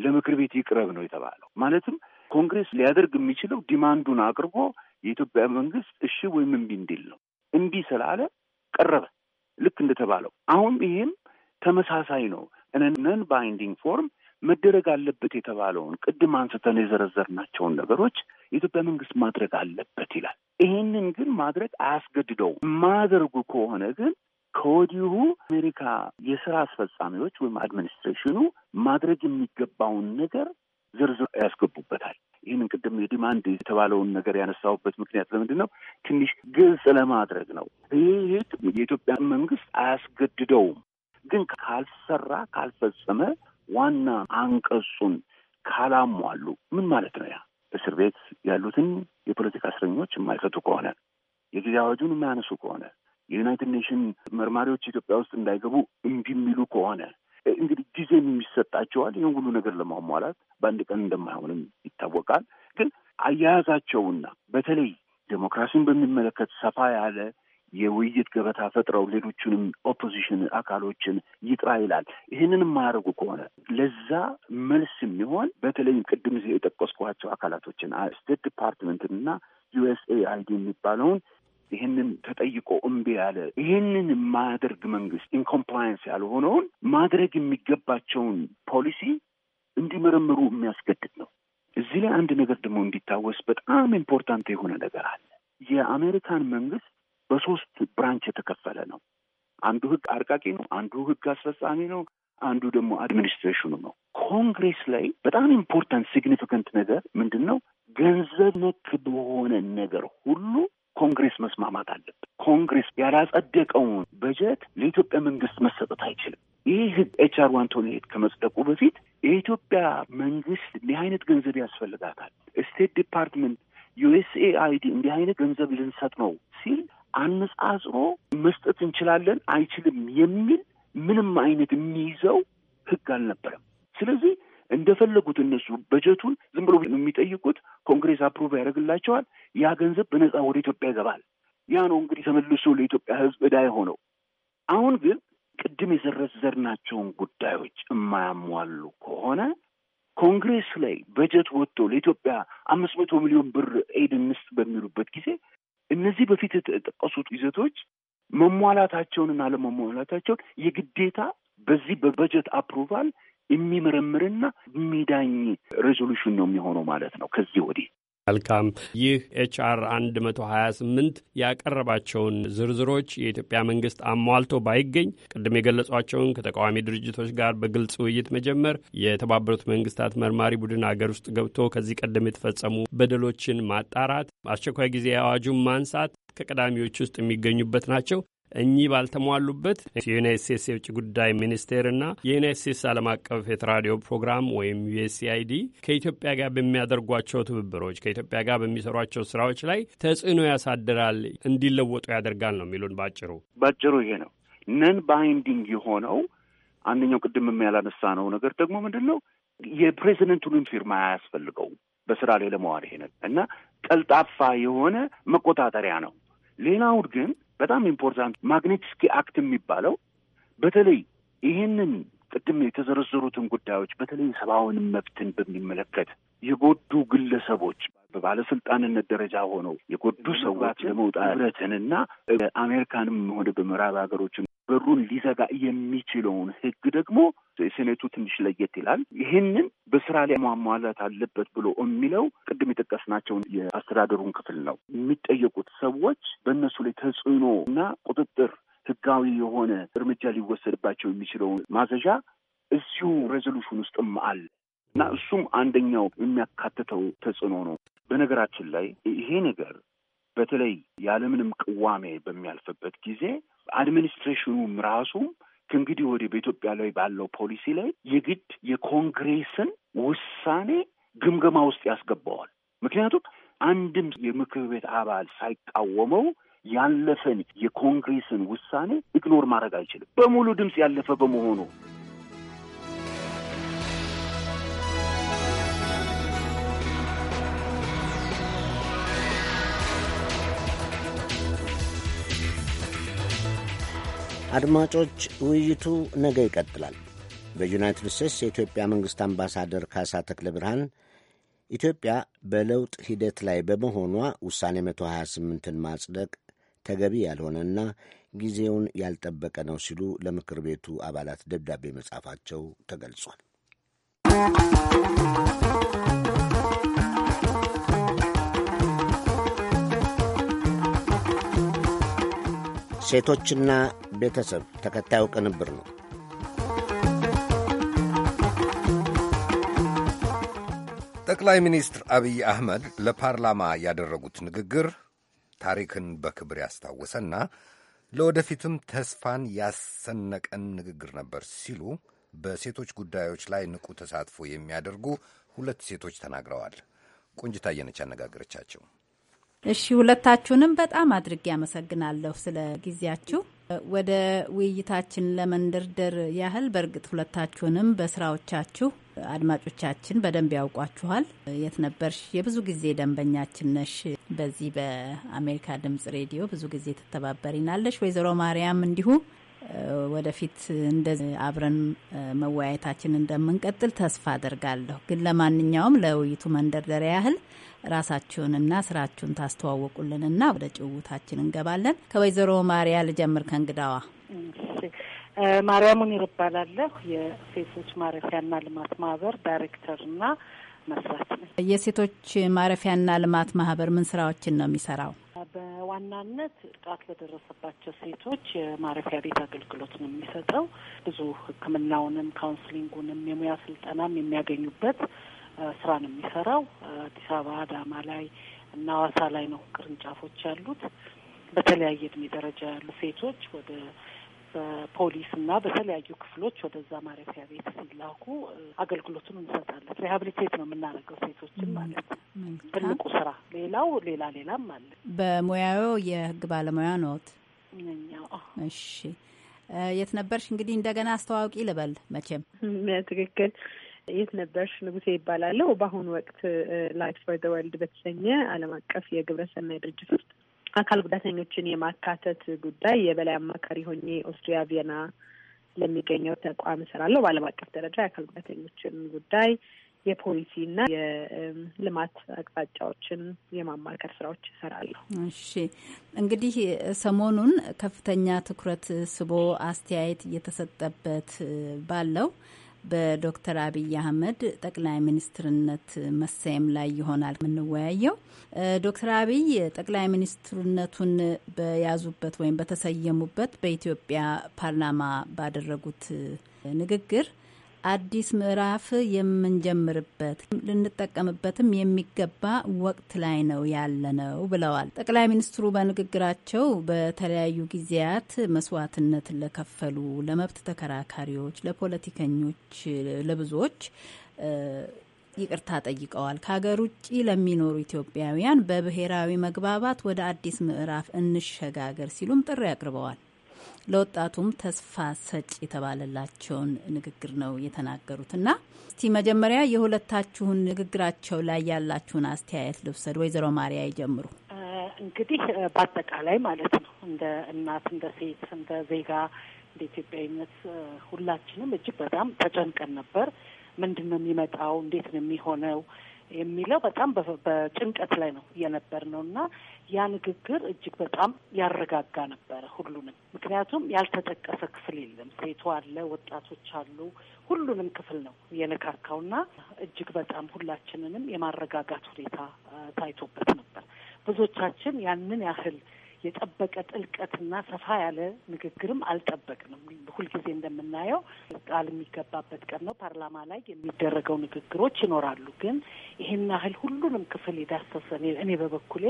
ለምክር ቤት ይቅረብ ነው የተባለው ማለትም ኮንግሬስ ሊያደርግ የሚችለው ዲማንዱን አቅርቦ የኢትዮጵያ መንግስት እሺ ወይም እምቢ እንዲል ነው። እምቢ ስላለ ቀረበ፣ ልክ እንደተባለው። አሁን ይሄም ተመሳሳይ ነው። ነን ባይንዲንግ ፎርም መደረግ አለበት የተባለውን ቅድም አንስተን የዘረዘርናቸውን ነገሮች የኢትዮጵያ መንግስት ማድረግ አለበት ይላል። ይሄንን ግን ማድረግ አያስገድደው። ማደርጉ ከሆነ ግን ከወዲሁ አሜሪካ የስራ አስፈጻሚዎች ወይም አድሚኒስትሬሽኑ ማድረግ የሚገባውን ነገር ዝርዝር ያስገቡበታል። ይህንን ቅድም የዲማንድ የተባለውን ነገር ያነሳውበት ምክንያት ለምንድን ነው? ትንሽ ግልጽ ለማድረግ ነው። ይህ የኢትዮጵያ መንግስት አያስገድደውም፣ ግን ካልሰራ ካልፈጸመ ዋና አንቀጹን ካላሟሉ ምን ማለት ነው? ያ እስር ቤት ያሉትን የፖለቲካ እስረኞች የማይፈቱ ከሆነ የጊዜ አዋጁን የማያነሱ ከሆነ የዩናይትድ ኔሽን መርማሪዎች ኢትዮጵያ ውስጥ እንዳይገቡ እምቢ የሚሉ ከሆነ እንግዲህ ጊዜም የሚሰጣቸዋል። ይህን ሁሉ ነገር ለማሟላት በአንድ ቀን እንደማይሆንም ይታወቃል። ግን አያያዛቸውና በተለይ ዴሞክራሲን በሚመለከት ሰፋ ያለ የውይይት ገበታ ፈጥረው ሌሎቹንም ኦፖዚሽን አካሎችን ይጥራ ይላል። ይህንን የማያደርጉ ከሆነ ለዛ መልስ የሚሆን በተለይም ቅድም የጠቀስኳቸው አካላቶችን ስቴት ዲፓርትመንትንና ዩኤስኤ አይዲ የሚባለውን ይህንን ተጠይቆ እምቢ ያለ ይህንን የማያደርግ መንግስት ኢንኮምፕላያንስ ያልሆነውን ማድረግ የሚገባቸውን ፖሊሲ እንዲመረምሩ የሚያስገድድ ነው። እዚህ ላይ አንድ ነገር ደግሞ እንዲታወስ በጣም ኢምፖርታንት የሆነ ነገር አለ። የአሜሪካን መንግስት በሶስት ብራንች የተከፈለ ነው። አንዱ ህግ አርቃቂ ነው፣ አንዱ ህግ አስፈጻሚ ነው፣ አንዱ ደግሞ አድሚኒስትሬሽኑ ነው። ኮንግሬስ ላይ በጣም ኢምፖርታንት ሲግኒፊካንት ነገር ምንድን ነው? ገንዘብ ነክ በሆነ ነገር ሁሉ ኮንግሬስ መስማማት አለበት። ኮንግሬስ ያላጸደቀውን በጀት ለኢትዮጵያ መንግስት መሰጠት አይችልም። ይህ ህግ ኤች አር ዋን ቶኒ ከመጽደቁ በፊት የኢትዮጵያ መንግስት እንዲህ አይነት ገንዘብ ያስፈልጋታል፣ ስቴት ዲፓርትመንት ዩኤስኤ አይዲ እንዲህ አይነት ገንዘብ ልንሰጥ ነው ሲል አነጻጽሮ መስጠት እንችላለን አይችልም የሚል ምንም አይነት የሚይዘው ህግ አልነበረም። ስለዚህ እንደፈለጉት እነሱ በጀቱን ዝም ብሎ የሚጠይቁት ኮንግሬስ አፕሩቭ ያደርግላቸዋል። ያ ገንዘብ በነፃ ወደ ኢትዮጵያ ይገባል። ያ ነው እንግዲህ ተመልሶ ለኢትዮጵያ ሕዝብ ዕዳ የሆነው። አሁን ግን ቅድም የዘረዘርናቸውን ጉዳዮች የማያሟሉ ከሆነ ኮንግሬስ ላይ በጀት ወጥቶ ለኢትዮጵያ አምስት መቶ ሚሊዮን ብር ኤድ እንስጥ በሚሉበት ጊዜ እነዚህ በፊት የተጠቀሱት ይዘቶች መሟላታቸውንና አለመሟላታቸውን የግዴታ በዚህ በበጀት አፕሩቫል የሚመረምርና የሚዳኝ ሬዞሉሽን ነው የሚሆነው ማለት ነው ከዚህ ወዲህ። መልካም። ይህ ኤችአር 128 አንድ መቶ ሀያ ስምንት ያቀረባቸውን ዝርዝሮች የኢትዮጵያ መንግስት አሟልቶ ባይገኝ ቅድም የገለጿቸውን ከተቃዋሚ ድርጅቶች ጋር በግልጽ ውይይት መጀመር፣ የተባበሩት መንግስታት መርማሪ ቡድን አገር ውስጥ ገብቶ ከዚህ ቀደም የተፈጸሙ በደሎችን ማጣራት፣ አስቸኳይ ጊዜ አዋጁን ማንሳት ከቀዳሚዎች ውስጥ የሚገኙበት ናቸው። እኚህ ባልተሟሉበት የዩናይት ስቴትስ የውጭ ጉዳይ ሚኒስቴርና የዩናይት ስቴትስ ዓለም አቀፍ የተራዲዮ ፕሮግራም ወይም ዩኤስኤአይዲ ከኢትዮጵያ ጋር በሚያደርጓቸው ትብብሮች ከኢትዮጵያ ጋር በሚሰሯቸው ስራዎች ላይ ተጽዕኖ ያሳድራል፣ እንዲለወጡ ያደርጋል ነው የሚሉን። ባጭሩ ባጭሩ ይሄ ነው። ነን ባይንዲንግ የሆነው አንደኛው ቅድም የሚያላነሳ ነው ነገር ደግሞ ምንድን ነው የፕሬዚደንቱንም ፊርማ አያስፈልገውም በስራ ላይ ለመዋል ይሄ ነገር እና ቀልጣፋ የሆነ መቆጣጠሪያ ነው። ሌላው ግን በጣም ኢምፖርታንት ማግኔትስኪ አክት የሚባለው በተለይ ይህንን ቅድም የተዘረዘሩትን ጉዳዮች በተለይ ሰብአዊን መብትን በሚመለከት የጎዱ ግለሰቦች በባለስልጣንነት ደረጃ ሆነው የጎዱ ሰዎች ለመውጣት ህብረትንና አሜሪካንም ሆነ በምዕራብ ሀገሮች በሩን ሊዘጋ የሚችለውን ህግ ደግሞ ሴኔቱ ትንሽ ለየት ይላል። ይህንን በስራ ላይ ማሟላት አለበት ብሎ የሚለው ቅድም የጠቀስናቸውን የአስተዳደሩን ክፍል ነው። የሚጠየቁት ሰዎች በእነሱ ላይ ተጽዕኖ እና ቁጥጥር ህጋዊ የሆነ እርምጃ ሊወሰድባቸው የሚችለውን ማዘዣ እዚሁ ሬዞሉሽን ውስጥም አለ እና እሱም አንደኛው የሚያካትተው ተጽዕኖ ነው። በነገራችን ላይ ይሄ ነገር በተለይ ያለምንም ቅዋሜ በሚያልፍበት ጊዜ አድሚኒስትሬሽኑም ራሱ ከእንግዲህ ወዲህ በኢትዮጵያ ላይ ባለው ፖሊሲ ላይ የግድ የኮንግሬስን ውሳኔ ግምገማ ውስጥ ያስገባዋል። ምክንያቱም አንድም የምክር ቤት አባል ሳይቃወመው ያለፈን የኮንግሬስን ውሳኔ ኢግኖር ማድረግ አይችልም፣ በሙሉ ድምፅ ያለፈ በመሆኑ አድማጮች፣ ውይይቱ ነገ ይቀጥላል። በዩናይትድ ስቴትስ የኢትዮጵያ መንግሥት አምባሳደር ካሳ ተክለ ብርሃን ኢትዮጵያ በለውጥ ሂደት ላይ በመሆኗ ውሳኔ 128ን ማጽደቅ ተገቢ ያልሆነና ጊዜውን ያልጠበቀ ነው ሲሉ ለምክር ቤቱ አባላት ደብዳቤ መጻፋቸው ተገልጿል። ሴቶችና ቤተሰብ ተከታዩ ቅንብር ነው። ጠቅላይ ሚኒስትር አብይ አህመድ ለፓርላማ ያደረጉት ንግግር ታሪክን በክብር ያስታወሰና ለወደፊትም ተስፋን ያሰነቀን ንግግር ነበር ሲሉ በሴቶች ጉዳዮች ላይ ንቁ ተሳትፎ የሚያደርጉ ሁለት ሴቶች ተናግረዋል። ቆንጅታ የነች ያነጋገረቻቸው። እሺ፣ ሁለታችሁንም በጣም አድርጌ አመሰግናለሁ ስለ ጊዜያችሁ። ወደ ውይይታችን ለመንደርደር ያህል በእርግጥ ሁለታችሁንም በስራዎቻችሁ አድማጮቻችን በደንብ ያውቋችኋል። የት ነበርሽ የብዙ ጊዜ ደንበኛችን ነሽ። በዚህ በአሜሪካ ድምጽ ሬዲዮ ብዙ ጊዜ ትተባበሪናለሽ። ወይዘሮ ማርያም እንዲሁ ወደፊት እንደ አብረን መወያየታችን እንደምንቀጥል ተስፋ አድርጋለሁ። ግን ለማንኛውም ለውይይቱ መንደርደሪያ ያህል ራሳችሁንና ስራችሁን ታስተዋወቁልንና ወደ ጭውውታችን እንገባለን። ከወይዘሮ ማሪያ ልጀምር ከእንግዳዋ ማርያም ሙኒር እባላለሁ። የሴቶች ማረፊያና ልማት ማህበር ዳይሬክተርና መስራች ነኝ። የሴቶች ማረፊያና ልማት ማህበር ምን ስራዎችን ነው የሚሰራው? በዋናነት ጥቃት ለደረሰባቸው ሴቶች የማረፊያ ቤት አገልግሎት ነው የሚሰጠው። ብዙ ሕክምናውንም ካውንስሊንጉንም የሙያ ስልጠናም የሚያገኙበት ስራ ነው የሚሰራው። አዲስ አበባ፣ አዳማ ላይ እና ሀዋሳ ላይ ነው ቅርንጫፎች ያሉት። በተለያየ እድሜ ደረጃ ያሉ ሴቶች ወደ በፖሊስ እና በተለያዩ ክፍሎች ወደዛ ማረፊያ ቤት ሲላኩ አገልግሎቱን እንሰጣለን። ሪሀብሊቴት ነው የምናደርገው ሴቶችን ማለት ነው። ትልቁ ስራ ሌላው ሌላ ሌላም አለ። በሙያው የህግ ባለሙያ ነዎት? እሺ የት ነበርሽ? እንግዲህ እንደገና አስተዋውቂ ልበል መቼም ትክክል የት ነበርሽ? ንጉሴ ይባላለሁ። በአሁኑ ወቅት ላይፍ ፎር ዘ ወርልድ በተሰኘ ዓለም አቀፍ የግብረሰናይ ድርጅት ውስጥ አካል ጉዳተኞችን የማካተት ጉዳይ የበላይ አማካሪ ሆኜ ኦስትሪያ ቪየና ለሚገኘው ተቋም እሰራለሁ። በዓለም አቀፍ ደረጃ የአካል ጉዳተኞችን ጉዳይ የፖሊሲ ና የልማት አቅጣጫዎችን የማማከር ስራዎች ይሰራሉ። እሺ እንግዲህ ሰሞኑን ከፍተኛ ትኩረት ስቦ አስተያየት እየተሰጠበት ባለው በዶክተር አብይ አህመድ ጠቅላይ ሚኒስትርነት መሰየም ላይ ይሆናል የምንወያየው። ዶክተር አብይ ጠቅላይ ሚኒስትርነቱን በያዙበት ወይም በተሰየሙበት በኢትዮጵያ ፓርላማ ባደረጉት ንግግር አዲስ ምዕራፍ የምንጀምርበት ልንጠቀምበትም የሚገባ ወቅት ላይ ነው ያለነው ብለዋል። ጠቅላይ ሚኒስትሩ በንግግራቸው በተለያዩ ጊዜያት መስዋዕትነት ለከፈሉ ለመብት ተከራካሪዎች፣ ለፖለቲከኞች፣ ለብዙዎች ይቅርታ ጠይቀዋል። ከሀገር ውጭ ለሚኖሩ ኢትዮጵያውያን በብሔራዊ መግባባት ወደ አዲስ ምዕራፍ እንሸጋገር ሲሉም ጥሪ አቅርበዋል። ለወጣቱም ተስፋ ሰጭ የተባለላቸውን ንግግር ነው የተናገሩትና እስቲ መጀመሪያ የሁለታችሁን ንግግራቸው ላይ ያላችሁን አስተያየት ልውሰድ። ወይዘሮ ማሪያ ይጀምሩ። እንግዲህ በአጠቃላይ ማለት ነው እንደ እናት፣ እንደ ሴት፣ እንደ ዜጋ፣ እንደ ኢትዮጵያዊነት ሁላችንም እጅግ በጣም ተጨንቀን ነበር። ምንድን ነው የሚመጣው? እንዴት ነው የሚሆነው? የሚለው በጣም በጭንቀት ላይ ነው የነበር ነው እና ያ ንግግር እጅግ በጣም ያረጋጋ ነበረ ሁሉንም። ምክንያቱም ያልተጠቀሰ ክፍል የለም። ሴቱ አለ፣ ወጣቶች አሉ፣ ሁሉንም ክፍል ነው የነካካው እና እጅግ በጣም ሁላችንንም የማረጋጋት ሁኔታ ታይቶበት ነበር። ብዙዎቻችን ያንን ያህል የጠበቀ ጥልቀትና ሰፋ ያለ ንግግርም አልጠበቅንም። ሁልጊዜ እንደምናየው ቃል የሚገባበት ቀን ነው። ፓርላማ ላይ የሚደረገው ንግግሮች ይኖራሉ። ግን ይህን ያህል ሁሉንም ክፍል የዳሰሰ እኔ በበኩሌ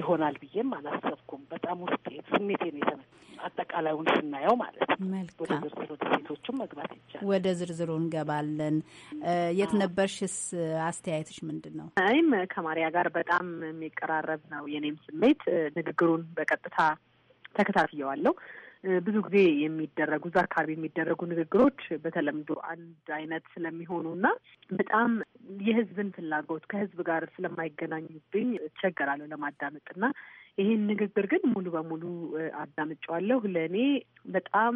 ይሆናል ብዬም አላሰብኩም። በጣም ውስጤ ስሜቴን የተነ አጠቃላዩን ስናየው ማለት ነው። ወደ ዝርዝር ሴቶቹም መግባት ይቻላል። ወደ ዝርዝሩ እንገባለን። የት ነበርሽስ? አስተያየትሽ ምንድን ነው? እኔም ከማሪያ ጋር በጣም የሚቀራረብ ነው የኔም ስሜት ንግግሩን በቃ በቀጥታ ተከታትየዋለሁ። ብዙ ጊዜ የሚደረጉ እዛ አካባቢ የሚደረጉ ንግግሮች በተለምዶ አንድ አይነት ስለሚሆኑ እና በጣም የህዝብን ፍላጎት ከህዝብ ጋር ስለማይገናኙብኝ እቸገራለሁ ለማዳመጥ እና ይህን ንግግር ግን ሙሉ በሙሉ አዳምጨዋለሁ። ለእኔ በጣም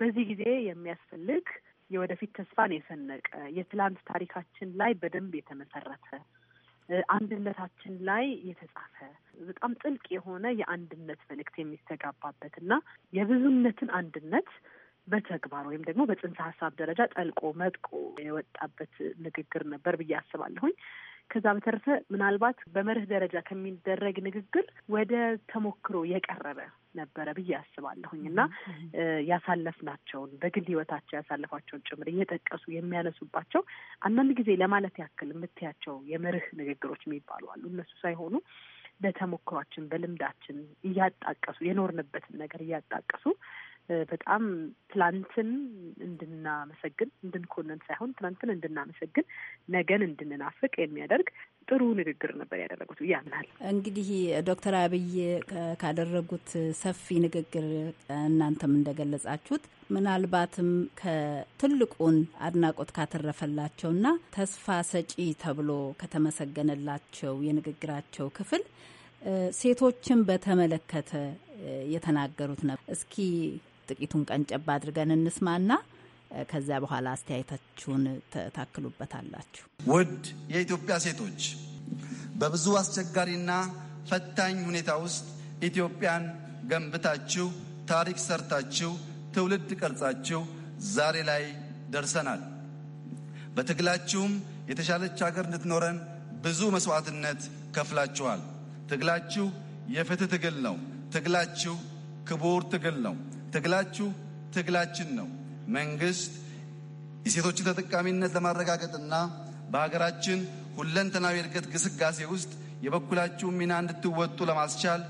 በዚህ ጊዜ የሚያስፈልግ የወደፊት ተስፋን የሰነቀ የትላንት ታሪካችን ላይ በደንብ የተመሰረተ አንድነታችን ላይ የተጻፈ በጣም ጥልቅ የሆነ የአንድነት መልእክት የሚስተጋባበት እና የብዙነትን አንድነት በተግባር ወይም ደግሞ በጽንሰ ሀሳብ ደረጃ ጠልቆ መጥቆ የወጣበት ንግግር ነበር ብዬ አስባለሁኝ። ከዛ በተረፈ ምናልባት በመርህ ደረጃ ከሚደረግ ንግግር ወደ ተሞክሮ የቀረበ ነበረ ብዬ አስባለሁኝ እና ያሳለፍናቸውን በግል ህይወታቸው ያሳለፏቸውን ጭምር እየጠቀሱ የሚያነሱባቸው አንዳንድ ጊዜ ለማለት ያክል የምትያቸው የመርህ ንግግሮች የሚባሉ አሉ። እነሱ ሳይሆኑ በተሞክሯችን በልምዳችን እያጣቀሱ የኖርንበትን ነገር እያጣቀሱ በጣም ትላንትን እንድናመሰግን እንድንኮንን ሳይሆን ትላንትን እንድናመሰግን ነገን እንድንናፍቅ የሚያደርግ ጥሩ ንግግር ነበር ያደረጉት ብዬ አምናለሁ። እንግዲህ ዶክተር አብይ ካደረጉት ሰፊ ንግግር እናንተም እንደገለጻችሁት ምናልባትም ከትልቁን አድናቆት ካተረፈላቸውና ተስፋ ሰጪ ተብሎ ከተመሰገነላቸው የንግግራቸው ክፍል ሴቶችን በተመለከተ የተናገሩት ነበር። እስኪ ጥቂቱን ቀንጨብ አድርገን እንስማና ከዚያ በኋላ አስተያየታችሁን ታክሉበታላችሁ። ውድ የኢትዮጵያ ሴቶች በብዙ አስቸጋሪና ፈታኝ ሁኔታ ውስጥ ኢትዮጵያን ገንብታችሁ ታሪክ ሰርታችሁ ትውልድ ቀርጻችሁ ዛሬ ላይ ደርሰናል። በትግላችሁም የተሻለች ሀገር እንድትኖረን ብዙ መስዋዕትነት ከፍላችኋል። ትግላችሁ የፍትህ ትግል ነው። ትግላችሁ ክቡር ትግል ነው። ትግላችሁ ትግላችን ነው። መንግስት የሴቶችን ተጠቃሚነት ለማረጋገጥና በሀገራችን ሁለንተናዊ እድገት ግስጋሴ ውስጥ የበኩላችሁ ሚና እንድትወጡ ለማስቻል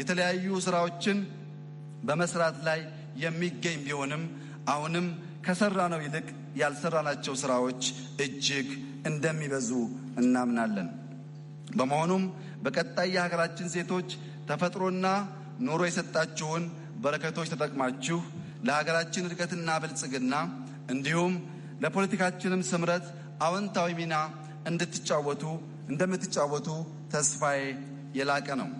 የተለያዩ ስራዎችን በመስራት ላይ የሚገኝ ቢሆንም አሁንም ከሰራ ነው ይልቅ ያልሰራናቸው ስራዎች እጅግ እንደሚበዙ እናምናለን። በመሆኑም በቀጣይ የሀገራችን ሴቶች ተፈጥሮና ኑሮ የሰጣችሁን በረከቶች ተጠቅማችሁ ለሀገራችን እድገትና ብልጽግና እንዲሁም ለፖለቲካችንም ስምረት አዎንታዊ ሚና እንድትጫወቱ እንደምትጫወቱ ተስፋዬ የላቀ ነው።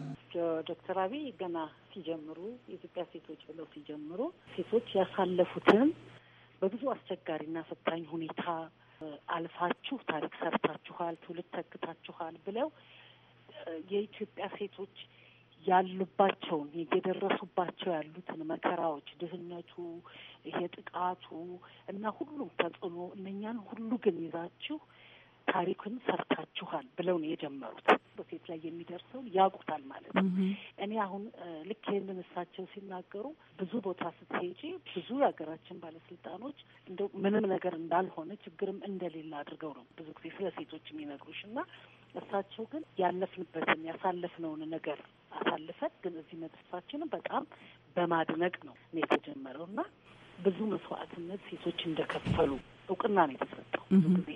ዶክተር አብይ ገና ሲጀምሩ የኢትዮጵያ ሴቶች ብለው ሲጀምሩ ሴቶች ያሳለፉትን በብዙ አስቸጋሪና ፈታኝ ሁኔታ አልፋችሁ ታሪክ ሰርታችኋል፣ ትውልድ ተክታችኋል ብለው የኢትዮጵያ ሴቶች ያሉባቸውን እየደረሱባቸው ያሉትን መከራዎች፣ ድህነቱ፣ ይሄ ጥቃቱ እና ሁሉም ተጽዕኖ እነኛን ሁሉ ግን ይዛችሁ ታሪኩን ሰርታችኋል ብለው ነው የጀመሩት። በሴት ላይ የሚደርሰውን ያውቁታል ማለት ነው። እኔ አሁን ልክ ይህንን እሳቸው ሲናገሩ ብዙ ቦታ ስትሄጂ ብዙ የሀገራችን ባለስልጣኖች እንደው ምንም ነገር እንዳልሆነ ችግርም እንደሌለ አድርገው ነው ብዙ ጊዜ ስለ ሴቶች የሚነግሩሽ እና እሳቸው ግን ያለፍንበትን ያሳለፍነውን ነገር አሳልፈን ግን እዚህ መድረሳችንን በጣም በማድነቅ ነው የተጀመረው እና ብዙ መስዋዕትነት ሴቶች እንደከፈሉ እውቅና ነው የተሰጠው ጊዜ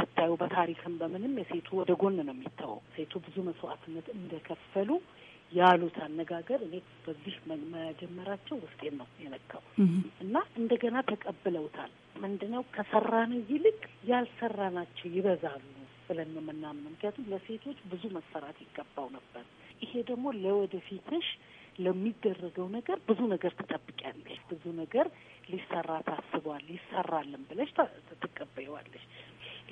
ስታዩ በታሪክም በምንም የሴቱ ወደ ጎን ነው የሚተወው። ሴቱ ብዙ መስዋዕትነት እንደከፈሉ ያሉት አነጋገር እኔ በዚህ መጀመራቸው ውስጤን ነው የነካው እና እንደገና ተቀብለውታል። ምንድነው ከሰራነው ይልቅ ያልሰራናቸው ይበዛሉ ብለን ነው የምናምን። ምክንያቱም ለሴቶች ብዙ መሰራት ይገባው ነበር። ይሄ ደግሞ ለወደፊትሽ ለሚደረገው ነገር ብዙ ነገር ትጠብቂያለሽ። ብዙ ነገር ሊሰራ ታስቧል፣ ይሰራልን ብለሽ ትቀበይዋለሽ።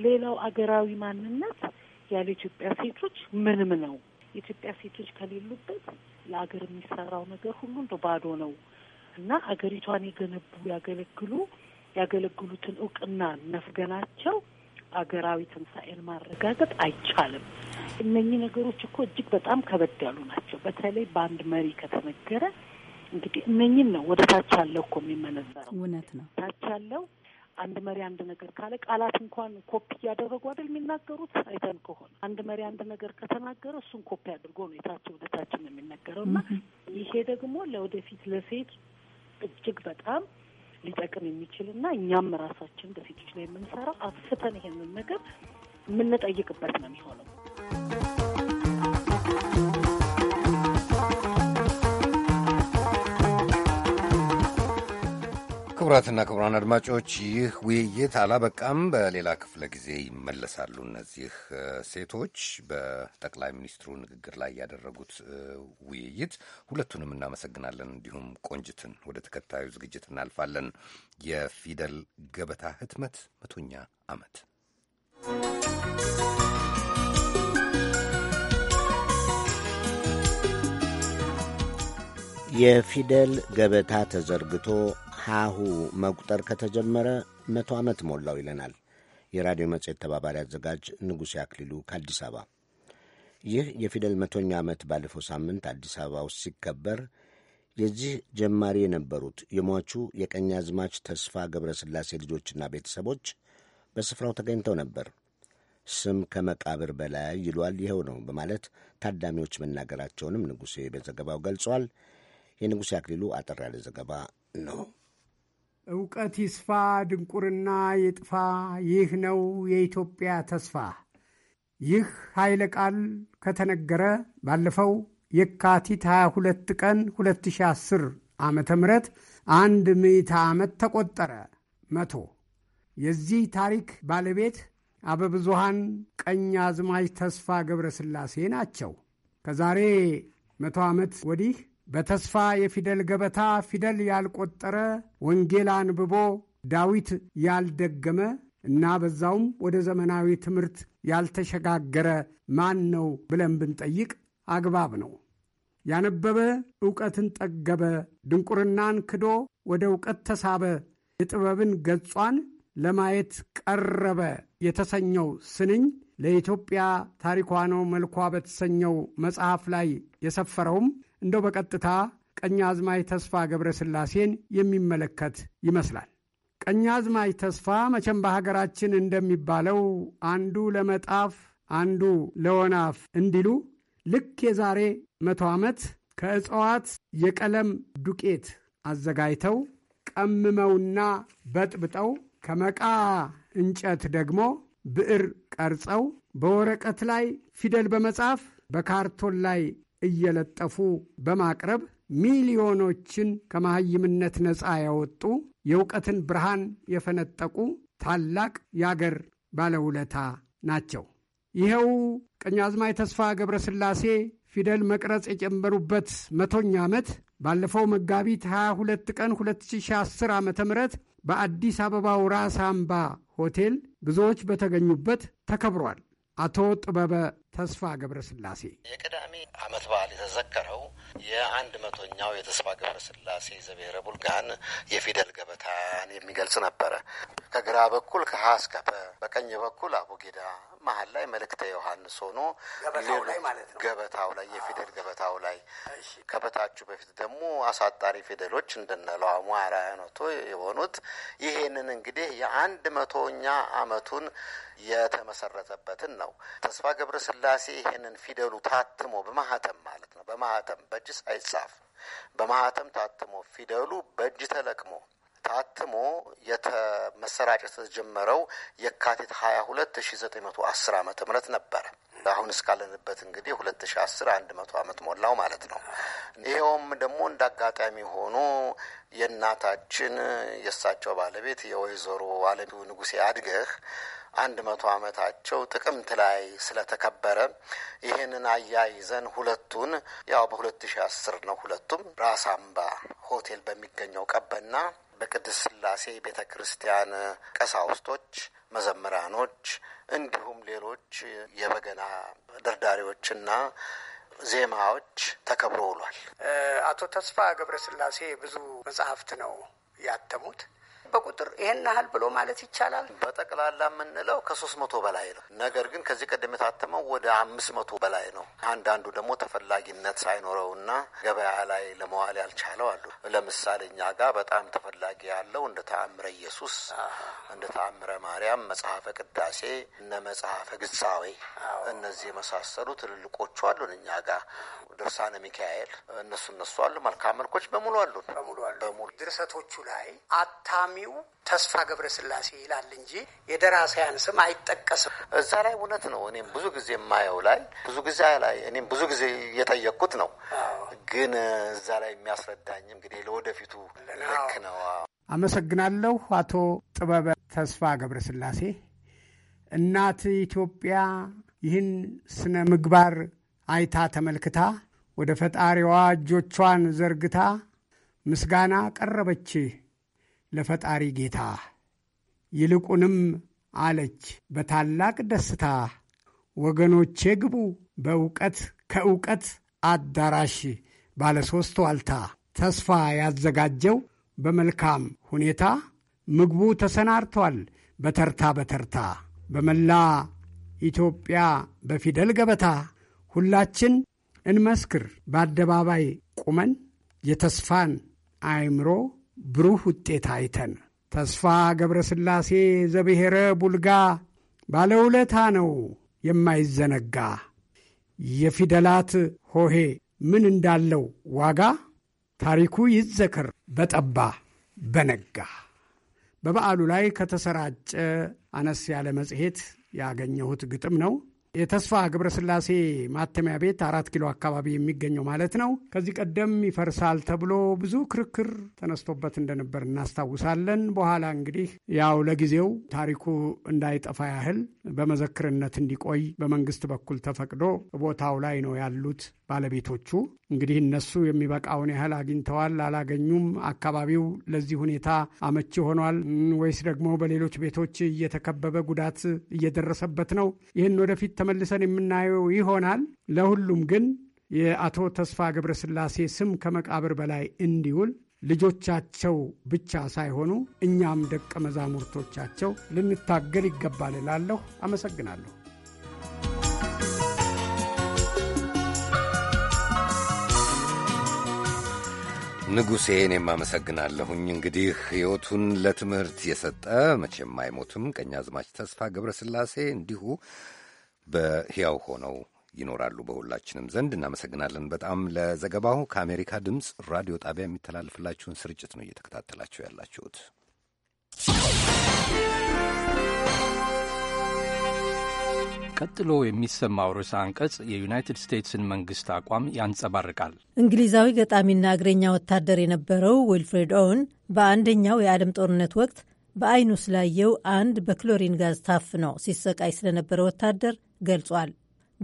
ሌላው አገራዊ ማንነት ያለ ኢትዮጵያ ሴቶች ምንም ነው። የኢትዮጵያ ሴቶች ከሌሉበት ለአገር የሚሰራው ነገር ሁሉ እንደ ባዶ ነው እና አገሪቷን የገነቡ ያገለግሉ ያገለግሉትን እውቅና ነፍገናቸው ሀገራዊ ትንሣኤን ማረጋገጥ አይቻልም። እነኚህ ነገሮች እኮ እጅግ በጣም ከበድ ያሉ ናቸው። በተለይ በአንድ መሪ ከተነገረ እንግዲህ እነኚህን ነው ወደ ታች ያለው እኮ የሚመነዘረው። እውነት ነው። ታች ያለው አንድ መሪ አንድ ነገር ካለ ቃላት እንኳን ኮፒ እያደረጉ አይደል የሚናገሩት? አይተን ከሆነ አንድ መሪ አንድ ነገር ከተናገረ እሱን ኮፒ አድርጎ ነው የታች ወደ ታች የሚነገረው እና ይሄ ደግሞ ለወደፊት ለሴት እጅግ በጣም ሊጠቅም የሚችልና እኛም ራሳችን በሴቶች ላይ የምንሰራ አስፍተን ይሄንን ነገር የምንጠይቅበት ነው የሚሆነው። ክቡራትና ክቡራን አድማጮች ይህ ውይይት አላበቃም። በሌላ ክፍለ ጊዜ ይመለሳሉ። እነዚህ ሴቶች በጠቅላይ ሚኒስትሩ ንግግር ላይ ያደረጉት ውይይት ሁለቱንም እናመሰግናለን፣ እንዲሁም ቆንጅትን። ወደ ተከታዩ ዝግጅት እናልፋለን። የፊደል ገበታ ህትመት መቶኛ ዓመት የፊደል ገበታ ተዘርግቶ ሀሁ መቁጠር ከተጀመረ መቶ ዓመት ሞላው ይለናል የራዲዮ መጽሔት ተባባሪ አዘጋጅ ንጉሴ አክሊሉ ከአዲስ አበባ። ይህ የፊደል መቶኛ ዓመት ባለፈው ሳምንት አዲስ አበባ ውስጥ ሲከበር የዚህ ጀማሪ የነበሩት የሟቹ አዝማች ተስፋ ገብረስላሴ ልጆችና ቤተሰቦች በስፍራው ተገኝተው ነበር። ስም ከመቃብር በላይ ይሏል ይኸው ነው በማለት ታዳሚዎች መናገራቸውንም ንጉሴ በዘገባው ገልጿል። የንጉሥ አክሊሉ አጠር ያለ ዘገባ ነው። እውቀት ይስፋ፣ ድንቁርና ይጥፋ፣ ይህ ነው የኢትዮጵያ ተስፋ። ይህ ኃይለ ቃል ከተነገረ ባለፈው የካቲት 22 ቀን 2010 ዓመተ ምህረት አንድ ምዕተ ዓመት ተቆጠረ። መቶ የዚህ ታሪክ ባለቤት አበብዙሃን ቀኝ አዝማች ተስፋ ገብረ ስላሴ ናቸው። ከዛሬ መቶ ዓመት ወዲህ በተስፋ የፊደል ገበታ ፊደል ያልቆጠረ ወንጌል አንብቦ ዳዊት ያልደገመ እና በዛውም ወደ ዘመናዊ ትምህርት ያልተሸጋገረ ማን ነው ብለን ብንጠይቅ አግባብ ነው። ያነበበ ዕውቀትን ጠገበ፣ ድንቁርናን ክዶ ወደ ዕውቀት ተሳበ፣ የጥበብን ገጿን ለማየት ቀረበ የተሰኘው ስንኝ ለኢትዮጵያ ታሪኳ ነው መልኳ በተሰኘው መጽሐፍ ላይ የሰፈረውም እንደው በቀጥታ ቀኛዝማች ተስፋ ገብረስላሴን የሚመለከት ይመስላል። ቀኛዝማች ተስፋ መቼም በሀገራችን እንደሚባለው አንዱ ለመጣፍ አንዱ ለወናፍ እንዲሉ ልክ የዛሬ መቶ ዓመት ከእጽዋት የቀለም ዱቄት አዘጋጅተው ቀምመውና በጥብጠው ከመቃ እንጨት ደግሞ ብዕር ቀርጸው በወረቀት ላይ ፊደል በመጻፍ በካርቶን ላይ እየለጠፉ በማቅረብ ሚሊዮኖችን ከመሐይምነት ነፃ ያወጡ የእውቀትን ብርሃን የፈነጠቁ ታላቅ የአገር ባለውለታ ናቸው። ይኸው ቀኛዝማች ተስፋ ገብረ ስላሴ ፊደል መቅረጽ የጨመሩበት መቶኛ ዓመት ባለፈው መጋቢት 22 ቀን 2010 ዓ ም በአዲስ አበባው ራስ አምባ ሆቴል ብዙዎች በተገኙበት ተከብሯል። አቶ ጥበበ ተስፋ ገብረስላሴ የቅዳሜ ዓመት በዓል የተዘከረው የአንድ መቶኛው የተስፋ ገብረስላሴ ዘብሔረ ቡልጋን የፊደል ገበታን የሚገልጽ ነበረ። ከግራ በኩል ከሀ እስከ ፐ፣ በቀኝ በኩል አቡጌዳ መሀል ላይ መልእክተ ዮሐንስ ሆኖ ገበታው ላይ የፊደል ገበታው ላይ ከበታችሁ በፊት ደግሞ አሳጣሪ ፊደሎች እንደነ ለዋሙ አራያኖቶ የሆኑት ይሄንን እንግዲህ የአንድ መቶኛ ዓመቱን የተመሰረተበትን ነው ተስፋ ገብረስላ ስላሴ ይህንን ፊደሉ ታትሞ በማህተም ማለት ነው። በማህተም በእጅ አይጻፍ በማህተም ታትሞ ፊደሉ በእጅ ተለቅሞ ታትሞ መሰራጨት የተጀመረው የካቲት ሀያ ሁለት ሺ ዘጠኝ መቶ አስር ዓመተ ምህረት ነበረ። አሁን እስካለንበት እንግዲህ ሁለት ሺ አስር አንድ መቶ አመት ሞላው ማለት ነው። ይኸውም ደግሞ እንደ አጋጣሚ ሆኖ የእናታችን የእሳቸው ባለቤት የወይዘሮ አለሚው ንጉሴ አድገህ አንድ መቶ ዓመታቸው ጥቅምት ላይ ስለተከበረ ይህንን አያይዘን ሁለቱን ያው በሁለት ሺ አስር ነው ሁለቱም ራስ አምባ ሆቴል በሚገኘው ቀበና በቅድስት ስላሴ ቤተ ክርስቲያን ቀሳውስቶች መዘምራኖች እንዲሁም ሌሎች የበገና ደርዳሪዎችና ዜማዎች ተከብሮ ውሏል። አቶ ተስፋ ገብረ ብዙ መጽሐፍት ነው ያተሙት። በቁጥር ይሄን ያህል ብሎ ማለት ይቻላል። በጠቅላላ የምንለው ከሶስት መቶ በላይ ነው። ነገር ግን ከዚህ ቀደም የታተመው ወደ አምስት መቶ በላይ ነው። አንዳንዱ ደግሞ ተፈላጊነት ሳይኖረውና ገበያ ላይ ለመዋል ያልቻለው አሉ። ለምሳሌ እኛ ጋር በጣም ተፈላጊ ያለው እንደ ተአምረ ኢየሱስ፣ እንደ ተአምረ ማርያም፣ መጽሐፈ ቅዳሴ፣ እነ መጽሐፈ ግሳዌ እነዚህ የመሳሰሉ ትልልቆቹ አሉን። እኛ ጋር ድርሳነ ሚካኤል እነሱ እነሱ አሉ። መልካም መልኮች በሙሉ አሉን። በሙሉ ድርሰቶቹ ላይ አታሚ ጸሐፊው ተስፋ ገብረስላሴ ይላል እንጂ የደራሲያን ስም አይጠቀስም። እዛ ላይ እውነት ነው። እኔም ብዙ ጊዜ የማየው ላይ ብዙ ጊዜ ላይ እኔም ብዙ ጊዜ እየጠየቅኩት ነው። ግን እዛ ላይ የሚያስረዳኝ እንግዲህ ለወደፊቱ ልክ ነው። አመሰግናለሁ። አቶ ጥበበ ተስፋ ገብረስላሴ እናት ኢትዮጵያ ይህን ስነ ምግባር አይታ ተመልክታ ወደ ፈጣሪዋ እጆቿን ዘርግታ ምስጋና ቀረበች ለፈጣሪ ጌታ። ይልቁንም አለች በታላቅ ደስታ፣ ወገኖቼ ግቡ በእውቀት ከእውቀት አዳራሽ ባለ ሦስት ዋልታ ተስፋ ያዘጋጀው በመልካም ሁኔታ ምግቡ ተሰናድቷል በተርታ በተርታ በመላ ኢትዮጵያ በፊደል ገበታ ሁላችን እንመስክር በአደባባይ ቁመን የተስፋን አእምሮ ብሩህ ውጤት አይተን ተስፋ ገብረስላሴ ዘብሔረ ቡልጋ ባለውለታ ነው የማይዘነጋ የፊደላት ሆሄ ምን እንዳለው ዋጋ ታሪኩ ይዘክር በጠባ በነጋ። በበዓሉ ላይ ከተሰራጨ አነስ ያለ መጽሔት ያገኘሁት ግጥም ነው። የተስፋ ገብረስላሴ ማተሚያ ቤት አራት ኪሎ አካባቢ የሚገኘው ማለት ነው። ከዚህ ቀደም ይፈርሳል ተብሎ ብዙ ክርክር ተነስቶበት እንደነበር እናስታውሳለን። በኋላ እንግዲህ ያው ለጊዜው ታሪኩ እንዳይጠፋ ያህል በመዘክርነት እንዲቆይ በመንግስት በኩል ተፈቅዶ ቦታው ላይ ነው ያሉት ባለቤቶቹ። እንግዲህ እነሱ የሚበቃውን ያህል አግኝተዋል አላገኙም፣ አካባቢው ለዚህ ሁኔታ አመቺ ሆኗል ወይስ ደግሞ በሌሎች ቤቶች እየተከበበ ጉዳት እየደረሰበት ነው፣ ይህን ወደፊት ተመልሰን የምናየው ይሆናል። ለሁሉም ግን የአቶ ተስፋ ገብረስላሴ ስም ከመቃብር በላይ እንዲውል ልጆቻቸው ብቻ ሳይሆኑ እኛም ደቀ መዛሙርቶቻቸው ልንታገል ይገባል እላለሁ። አመሰግናለሁ። ንጉሴ፣ እኔም አመሰግናለሁኝ። እንግዲህ ሕይወቱን ለትምህርት የሰጠ መቼም አይሞትም ቀኛዝማች ተስፋ ስላሴ እንዲሁ በሕያው ሆነው ይኖራሉ በሁላችንም ዘንድ። እናመሰግናለን በጣም ለዘገባው። ከአሜሪካ ድምፅ ራዲዮ ጣቢያ የሚተላልፍላችሁን ስርጭት ነው እየተከታተላችሁ ያላችሁት። ቀጥሎ የሚሰማው ርዕሰ አንቀጽ የዩናይትድ ስቴትስን መንግስት አቋም ያንጸባርቃል። እንግሊዛዊ ገጣሚና እግረኛ ወታደር የነበረው ዊልፍሬድ ኦውን በአንደኛው የዓለም ጦርነት ወቅት በአይኑ ስላየው አንድ በክሎሪን ጋዝ ታፍኖ ሲሰቃይ ስለነበረ ወታደር ገልጿል።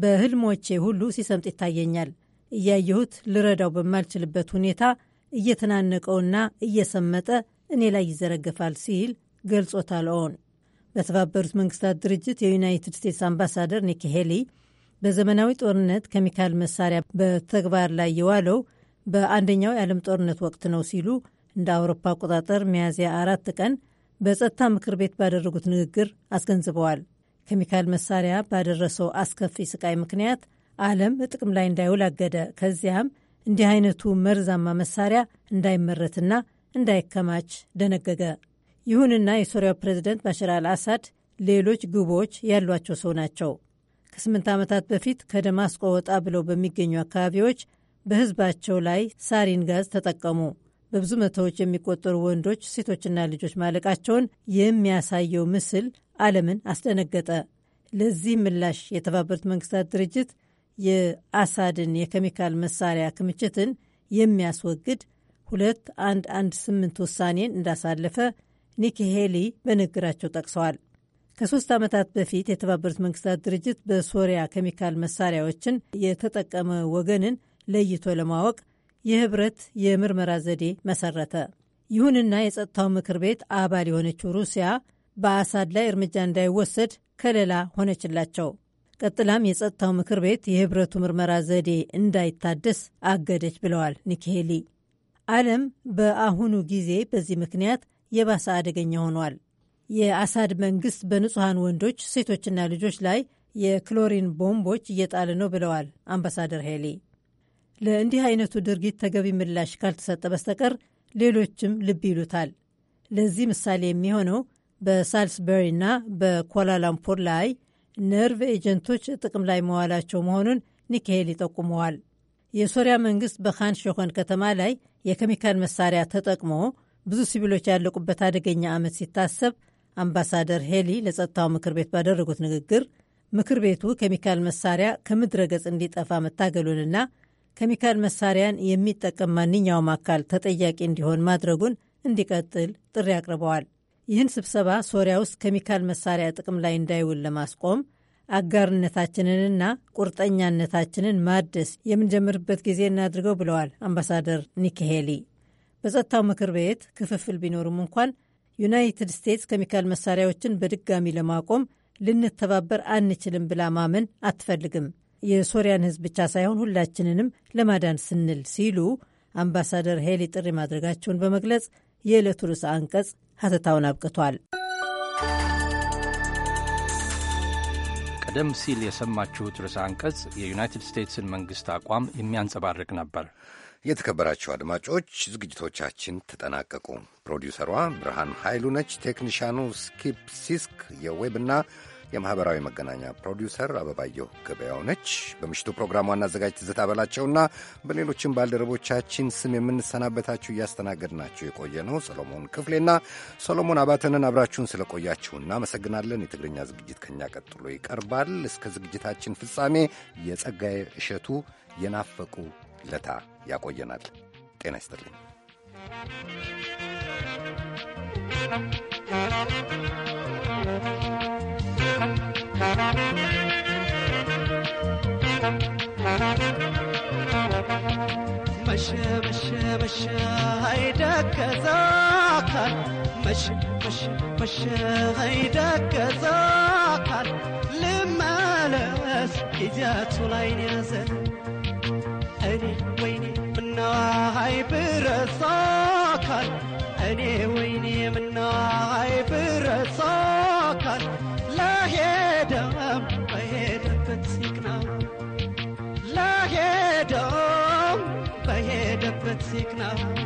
በህልሞቼ ሁሉ ሲሰምጥ ይታየኛል። እያየሁት ልረዳው በማልችልበት ሁኔታ እየተናነቀውና እየሰመጠ እኔ ላይ ይዘረገፋል ሲል ገልጾታል። ኦን በተባበሩት መንግስታት ድርጅት የዩናይትድ ስቴትስ አምባሳደር ኒኪ ሄሊ በዘመናዊ ጦርነት ኬሚካል መሳሪያ በተግባር ላይ የዋለው በአንደኛው የዓለም ጦርነት ወቅት ነው ሲሉ እንደ አውሮፓ አቆጣጠር ሚያዝያ አራት ቀን በጸጥታ ምክር ቤት ባደረጉት ንግግር አስገንዝበዋል። ኬሚካል መሳሪያ ባደረሰው አስከፊ ስቃይ ምክንያት ዓለም ጥቅም ላይ እንዳይውል አገደ። ከዚያም እንዲህ አይነቱ መርዛማ መሳሪያ እንዳይመረትና እንዳይከማች ደነገገ። ይሁንና የሶሪያው ፕሬዝደንት ባሽር አልአሳድ ሌሎች ግቦች ያሏቸው ሰው ናቸው። ከስምንት ዓመታት በፊት ከደማስቆ ወጣ ብለው በሚገኙ አካባቢዎች በሕዝባቸው ላይ ሳሪን ጋዝ ተጠቀሙ። በብዙ መቶዎች የሚቆጠሩ ወንዶች፣ ሴቶችና ልጆች ማለቃቸውን የሚያሳየው ምስል ዓለምን አስደነገጠ። ለዚህ ምላሽ የተባበሩት መንግስታት ድርጅት የአሳድን የኬሚካል መሳሪያ ክምችትን የሚያስወግድ 2118 ውሳኔን እንዳሳለፈ ኒኪ ሄሊ በንግግራቸው ጠቅሰዋል። ከሶስት ዓመታት በፊት የተባበሩት መንግስታት ድርጅት በሶሪያ ኬሚካል መሳሪያዎችን የተጠቀመ ወገንን ለይቶ ለማወቅ የህብረት የምርመራ ዘዴ መሰረተ። ይሁንና የጸጥታው ምክር ቤት አባል የሆነችው ሩሲያ በአሳድ ላይ እርምጃ እንዳይወሰድ ከለላ ሆነችላቸው። ቀጥላም የጸጥታው ምክር ቤት የህብረቱ ምርመራ ዘዴ እንዳይታደስ አገደች ብለዋል ኒኪ ሄሊ። ዓለም በአሁኑ ጊዜ በዚህ ምክንያት የባሰ አደገኛ ሆኗል። የአሳድ መንግስት በንጹሐን ወንዶች፣ ሴቶችና ልጆች ላይ የክሎሪን ቦምቦች እየጣለ ነው ብለዋል አምባሳደር ሄሊ። ለእንዲህ አይነቱ ድርጊት ተገቢ ምላሽ ካልተሰጠ በስተቀር ሌሎችም ልብ ይሉታል። ለዚህ ምሳሌ የሚሆነው በሳልስበሪና በኳላላምፖር ላይ ነርቭ ኤጀንቶች ጥቅም ላይ መዋላቸው መሆኑን ኒኪ ሄሊ ይጠቁመዋል። የሶሪያ መንግስት በካን ሾኸን ከተማ ላይ የኬሚካል መሳሪያ ተጠቅሞ ብዙ ሲቪሎች ያለቁበት አደገኛ ዓመት ሲታሰብ አምባሳደር ሄሊ ለጸጥታው ምክር ቤት ባደረጉት ንግግር ምክር ቤቱ ኬሚካል መሳሪያ ከምድረ ገጽ እንዲጠፋ መታገሉንና ኬሚካል መሳሪያን የሚጠቀም ማንኛውም አካል ተጠያቂ እንዲሆን ማድረጉን እንዲቀጥል ጥሪ አቅርበዋል። ይህን ስብሰባ ሶሪያ ውስጥ ኬሚካል መሳሪያ ጥቅም ላይ እንዳይውል ለማስቆም አጋርነታችንንና ቁርጠኛነታችንን ማደስ የምንጀምርበት ጊዜ እናድርገው ብለዋል አምባሳደር ኒኪ ሄሊ። በጸጥታው ምክር ቤት ክፍፍል ቢኖርም እንኳን ዩናይትድ ስቴትስ ኬሚካል መሳሪያዎችን በድጋሚ ለማቆም ልንተባበር አንችልም ብላ ማመን አትፈልግም። የሶሪያን ሕዝብ ብቻ ሳይሆን ሁላችንንም ለማዳን ስንል ሲሉ አምባሳደር ሄሊ ጥሪ ማድረጋቸውን በመግለጽ የዕለቱ ርዕሰ አንቀጽ ሀተታውን አብቅቷል። ቀደም ሲል የሰማችሁት ርዕሰ አንቀጽ የዩናይትድ ስቴትስን መንግሥት አቋም የሚያንጸባርቅ ነበር። የተከበራችሁ አድማጮች ዝግጅቶቻችን ተጠናቀቁ። ፕሮዲውሰሯ ብርሃን ኃይሉ ነች። ቴክኒሽያኑ ስኪፕ ሲስክ የዌብና የማኅበራዊ መገናኛ ፕሮዲውሰር አበባየሁ ገበያው ነች። በምሽቱ ፕሮግራም ዋና አዘጋጅ ትዝታ በላቸውና በሌሎችም ባልደረቦቻችን ስም የምንሰናበታችሁ እያስተናገድናችሁ የቆየ ነው ሰሎሞን ክፍሌና ሰሎሞን አባተንን። አብራችሁን ስለቆያችሁ እናመሰግናለን። የትግርኛ ዝግጅት ከኛ ቀጥሎ ይቀርባል። እስከ ዝግጅታችን ፍጻሜ የጸጋዬ እሸቱ የናፈቁ ለታ ያቆየናል። ጤና ይስጥልኝ። Thank you. مشى مشى مشى هيداك زاقل مشى مشى مشى هيداك لما لاس إجات لاين أني ويني منا هاي برساقل أني ويني منا هاي برساقل politik now